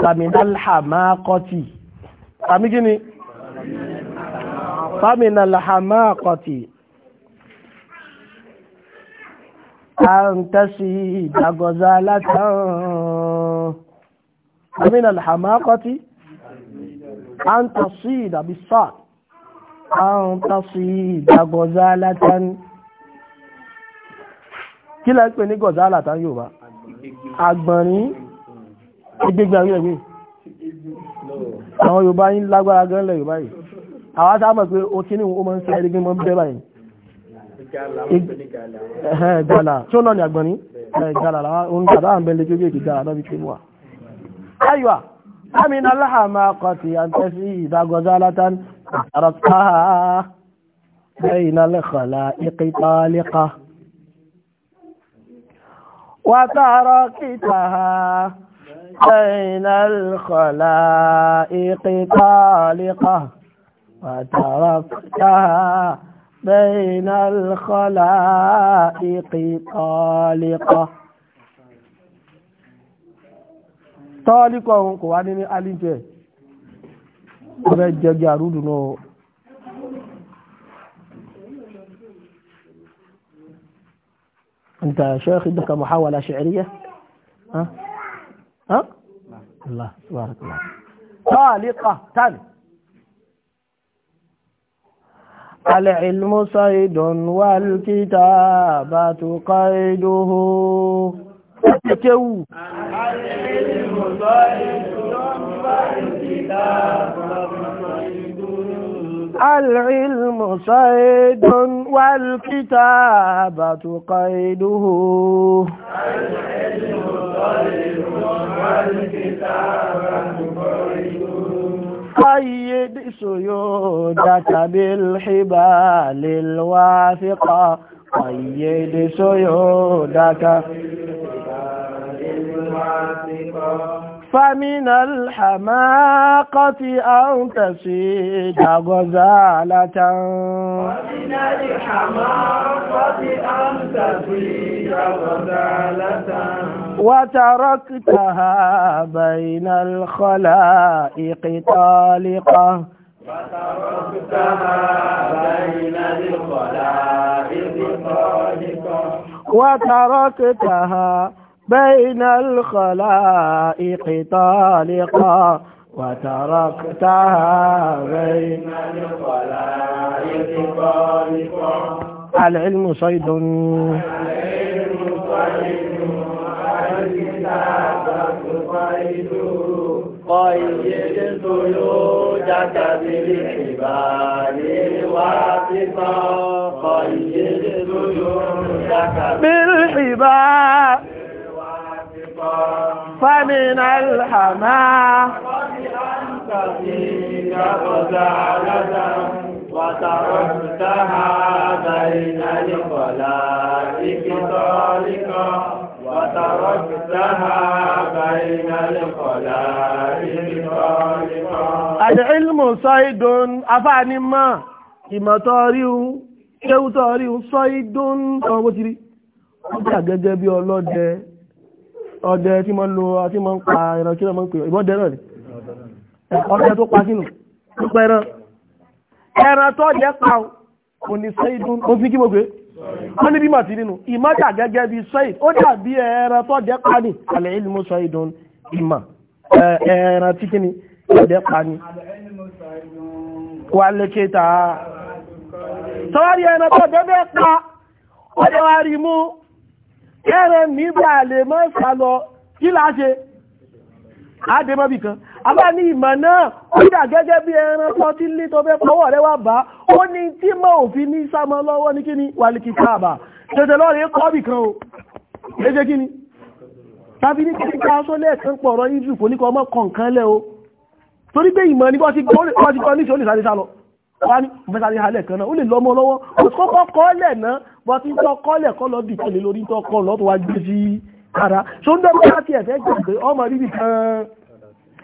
sàmìnàlhàmákọ́tì sàmì gíní sàmìnàlhàmákọ́tì àǹtẹ́sí ìdàgọ́zá látàn sàmìnàlhàmákọ́tì àǹtẹ́sí ìdàbí sáà àǹtẹ́sí ìdàgọ́zá látàn kí lẹ́ pè ní gọ̀zálà tá yóò bá agbọ̀nrín ìgbégbé àgbégbé àwọn Yorùbá yín lágbára gan lẹ̀ Yorùbá yìí àwọn sábà pé o kí ní o máa ń sọ ẹni gbé mọ́ bẹ́ẹ̀ báyìí gàlà tí ó lọ ní agbọ̀nrín gàlà làwọn ohun gàlà àwọn bẹ́ẹ̀ lè gbégbé èkì gàlà lọ́bi kéwà aywa amin aláha máa kọ ti àǹtẹ́sí ìdágọ́zá látàn àrọ̀káhà bẹ́ẹ̀ iná lẹ́kọ̀ọ́lá وتركتها بين الخلائق طالقة وتركتها بين الخلائق طالقة طالقة kò wá ní alíjẹ́ ọ̀rẹ́ jẹjẹ àrúdùn أنت شيخ عندك محاولة شعرية ها ها الله تبارك الله خالقة ثاني العلم صيد والكتابة قيده العلم صيد والكتابة العلم صيد والكتابة قيده العلم صيد والكتابة قيد سيودك بالحبال الواثقة قيد سيودك بالحبال الواثقة فمن الحماقة أن تسيد غزالة فمن الحماقة أن تسيد غزالة وتركتها بين الخلائق طالقة وتركتها بين الخلائق طالقة وتركتها بين الخلائق طالقا وتركتها بين الخلائق طالقا العلم صيد العلم صيد الكتاب صيد قيد سلوكك بالحبال واثقا قيد سلوكك بالحبال فمن الحمى وتركتها بين الخلائق طالقا وتركتها بين الخلائق طالقا العلم صيد أفعني ما ìmọ̀ tọ́ríu kéwú tọ́ríu sọ́ídún ọmọ bó ti rí ó jà gẹ́gẹ́ bí ọlọ́dẹ ọdẹ tí mọ́ ń lo tí mọ́ ń pa ẹran kí lọ́mọ́ ń pè ìbọ́dẹ náà ni ọdẹ tó pa sínú pípẹ́ ẹran ẹran tó jẹ́ pa kò ní sẹ́yìn dún ó fi kí mo pé wọ́n ní bí màtí nínú ìmọ́jà gẹ́gẹ́ bí sẹ́yìn ó dàbí ẹran tó jẹ́ pa ní alẹ́ ìlú mo sẹ́yìn dún ìmọ̀ ẹran tí kí ni ó jẹ́ pa ní kẹ́rẹ̀ mi bá lè mọ́ sálọ kí láá ṣe àdèmọ́bì kan àbá ní ìmọ̀ náà ó dà gẹ́gẹ́ bí ẹran tó tí lé tó fẹ́ pọ́wọ́ rẹ wà bá ó ní tí mọ́ òfin ní sámọ́ lọ́wọ́ ní kíní wàlìkì káàbà tètè lọ́rẹ̀ kọ́bì kan o léṣe kíní tàbí ní kíní ká só lẹ́ẹ̀kan pọ̀rọ̀ ìjù kò ní kọ́ mọ́ kọ̀ǹkan lẹ́ o torí pé ìmọ̀ ní bọ́ ti gbọ́ ní sí ó lè sáré sálọ wọ́n ní fẹ́sàrí halẹ̀ kan náà ó lè lọ́mọ lọ́wọ́ kọ́kọ́ kọ́lẹ̀ náà wọ́n ti tọ́ kọ́lẹ̀ kọ́ lọ́ dìkan lè lórí tọ́ kọ́ lọ́tọ́ wá gbé sí ara ṣó ń dẹ́gbẹ́ láti ẹ̀fẹ́ gbàgbé ọmọ rírì kan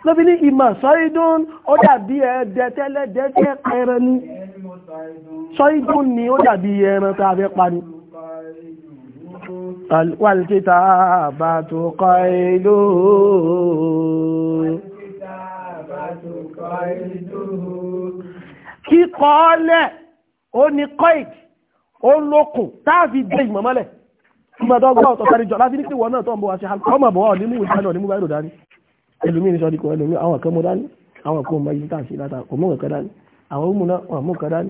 lóbi ní ìmọ̀ sọ́ídún ó dàbí ẹ̀ẹ́dẹ tẹ́lẹ̀ dẹ́tẹ́ ẹran ni sọ́ídún ni ó dàbí ẹran tá a fẹ́ pa ni. wàlùkítà àbàtúkọ̀ ìlú. wàlùkítà àbàtúkọ̀ ìlú kíkọ́ ọ́lẹ̀ ó ní kọ́ìkì ó lókùn táàfi dé ìmọ̀mọ́lẹ̀ ìgbàdọ́gbà ọ̀tọ̀ sáré jọ láti ní pé wọ́n náà tọ́ ń bọ̀ wá sí ọmọ bọ̀ ọ̀ nímú ìdáná nímú báyìí dání ẹlòmí ní sọ́dí kan ẹlòmí àwọn kan mú dání àwọn kan mọ ibi tá à ń ṣe látà kò mú nǹkan dání àwọn ọmọ náà wọn mú nǹkan dání.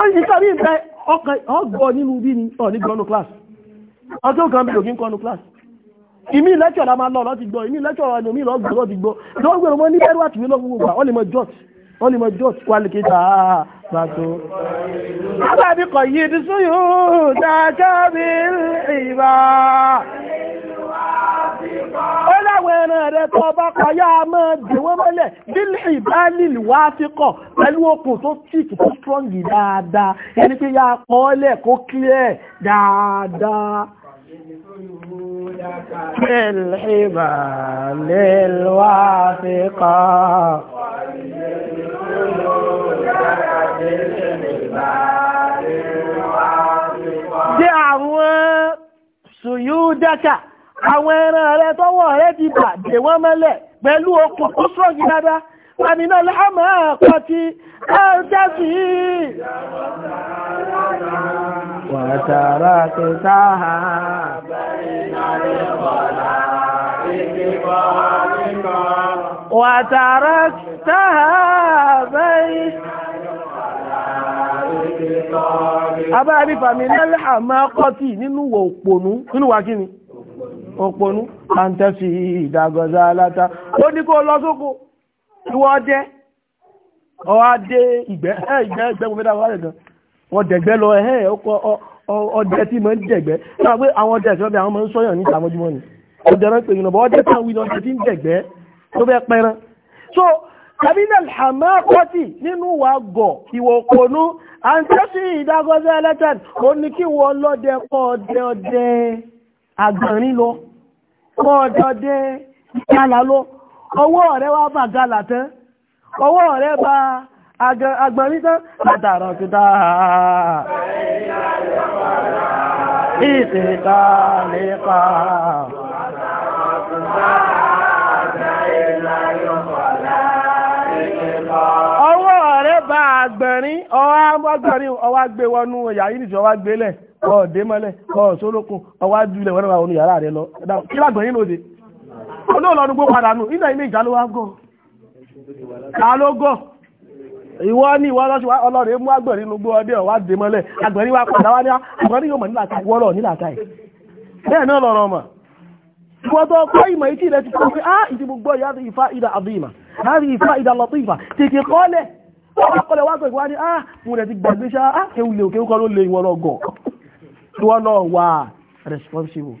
ó ní sọ́dí ìfẹ́ ọgbọ́ nínú bí ni ọ̀ ní wọ́n lè mọ jọ́ tí wàá lè kí ta pàtó. alábí kọ̀ yí ti súyù dájọ́ bí ìbá. ó láwọn ẹran rẹ̀ tó bá kọjá mọ́ dì wọ́n mọ́lẹ̀ bílí ìbá lílì wá sí kọ̀ pẹ̀lú okùn tó tíìkì tó strong dáadáa ẹni pé yá pọ́ọ́lẹ̀ kó clear dáadáa. في الحبال الواثقة jẹ́ àwọn ṣùyúdákà àwọn ẹran rẹ tọ́wọ́ rẹ ti bà dè wọ́n mọ́lẹ̀ pẹ̀lú okùn ó sọ́jú dáadáa àmì náà láàmà àkọ́ ti أو تفي وتركتها بين الخلائق وعلقا nínú wọ òpònú nínú wà kí ni òpònú àǹtẹ́fì ìdàgọ̀zà aláta ó ní kó lọ sóko ìwọ́ jẹ́ ọwá dé ìgbẹ́ ìgbẹ́ ìgbẹ́ mo fẹ́ dá wọ́n lẹ́gàn wọ́n dẹ̀gbẹ́ lọ ẹ̀ ọkọ̀ ọdẹ tí mo ń dẹ̀gbẹ́ náà pé àwọn ọdẹ tí wọ́n bí àwọn ọmọ ń sọ́yàn ní ìtàmójúmọ́ ni ọdẹ rán pé ìrìnàbọ̀ ọdẹ táwọn ìlú ọdẹ tí ń dẹ̀gbẹ́ tó fẹ́ pẹran so kabila alhamakoti nínú wa gọ̀ ìwọ̀ òkònú àǹtẹ́sí ìdágọ́sẹ́ ẹlẹ́tẹ̀d ó ní kí wọ́n lọ́dẹ kọ́ ọdẹ ọdẹ àgbọ̀nrín lọ kọ́ ọdẹ ọdẹ ìyálà lọ ọwọ́ ọ̀rẹ́ wa bàgàlà tán ọwọ́ rẹ̀ bá agbọ̀nítán látàrọ̀ títà ìtẹ̀ta lẹ́pa ọwọ́ rẹ̀ bá agbẹ̀rin ọwá gbé wọnú ẹ̀yà ìrìnjọ ọwá gbélẹ̀ ọ̀dé mọ́lẹ̀ ọ̀ṣọ́lókun ọwá jùlẹ̀ wọ́n náà wọnú yàrá rẹ̀ lọ kí lóde olóòlọ́nugbó padà nù ìdá ilé ta ló gọ̀ ìwọ ní ìwọ lọ́ṣùwá ọlọ́rẹ̀ mú àgbọ̀nrín inú gbọ́ ọdẹ ọ̀wá dè mọ́lẹ̀ àgbọ̀nrín wa padà wá ní àgbọ̀nrín yóò mọ̀ nílàta ìwọ́rọ̀ nílàta ẹ̀ bẹ́ẹ̀ náà lọ́rọ̀ ọmọ ìwọ tó ah ìdìbò gbọ́ ìyá ìfá ìdá àbímà láti ìfá ìdá lọ́tífà tètè kọ́lẹ̀ wọ́n kọ́lẹ̀ wá pẹ̀lú wá ní ah mo rẹ̀ ti ah kéwù lè òkè kọ́ ló lè ìwọ lọ gọ̀ ìwọ lọ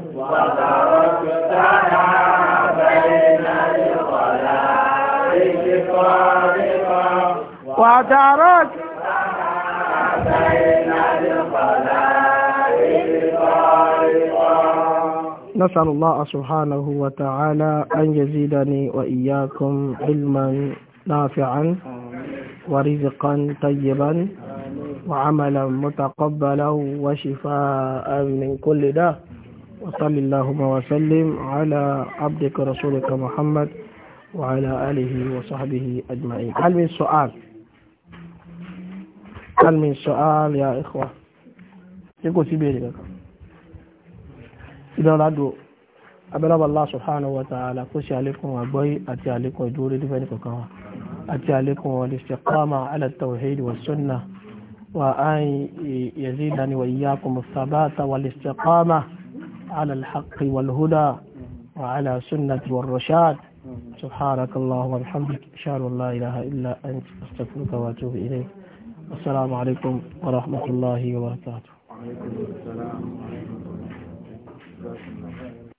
وتركتنا بين بين نسأل الله سبحانه وتعالى أن يزيدني وإياكم علما نافعا ورزقا طيبا وعملا متقبلا وشفاء من كل داء وصل اللهم وسلم على عبدك رسولك محمد وعلى آله وصحبه أجمعين هل من سؤال هل من سؤال يا إخوة يقول في سبيلك إذا لدو أبلا الله سبحانه وتعالى كسي عليكم أبوي أتي عليكم جوري لفنك كما أتي عليكم والاستقامة على التوحيد والسنة وأن يزيدني وإياكم الثبات والاستقامة على الحق والهدى وعلى سنة والرشاد سبحانك الله وبحمدك أشهد أن لا إله إلا أنت أستغفرك وأتوب إليك السلام عليكم ورحمة الله وبركاته وعليكم السلام ورحمة الله وبركاته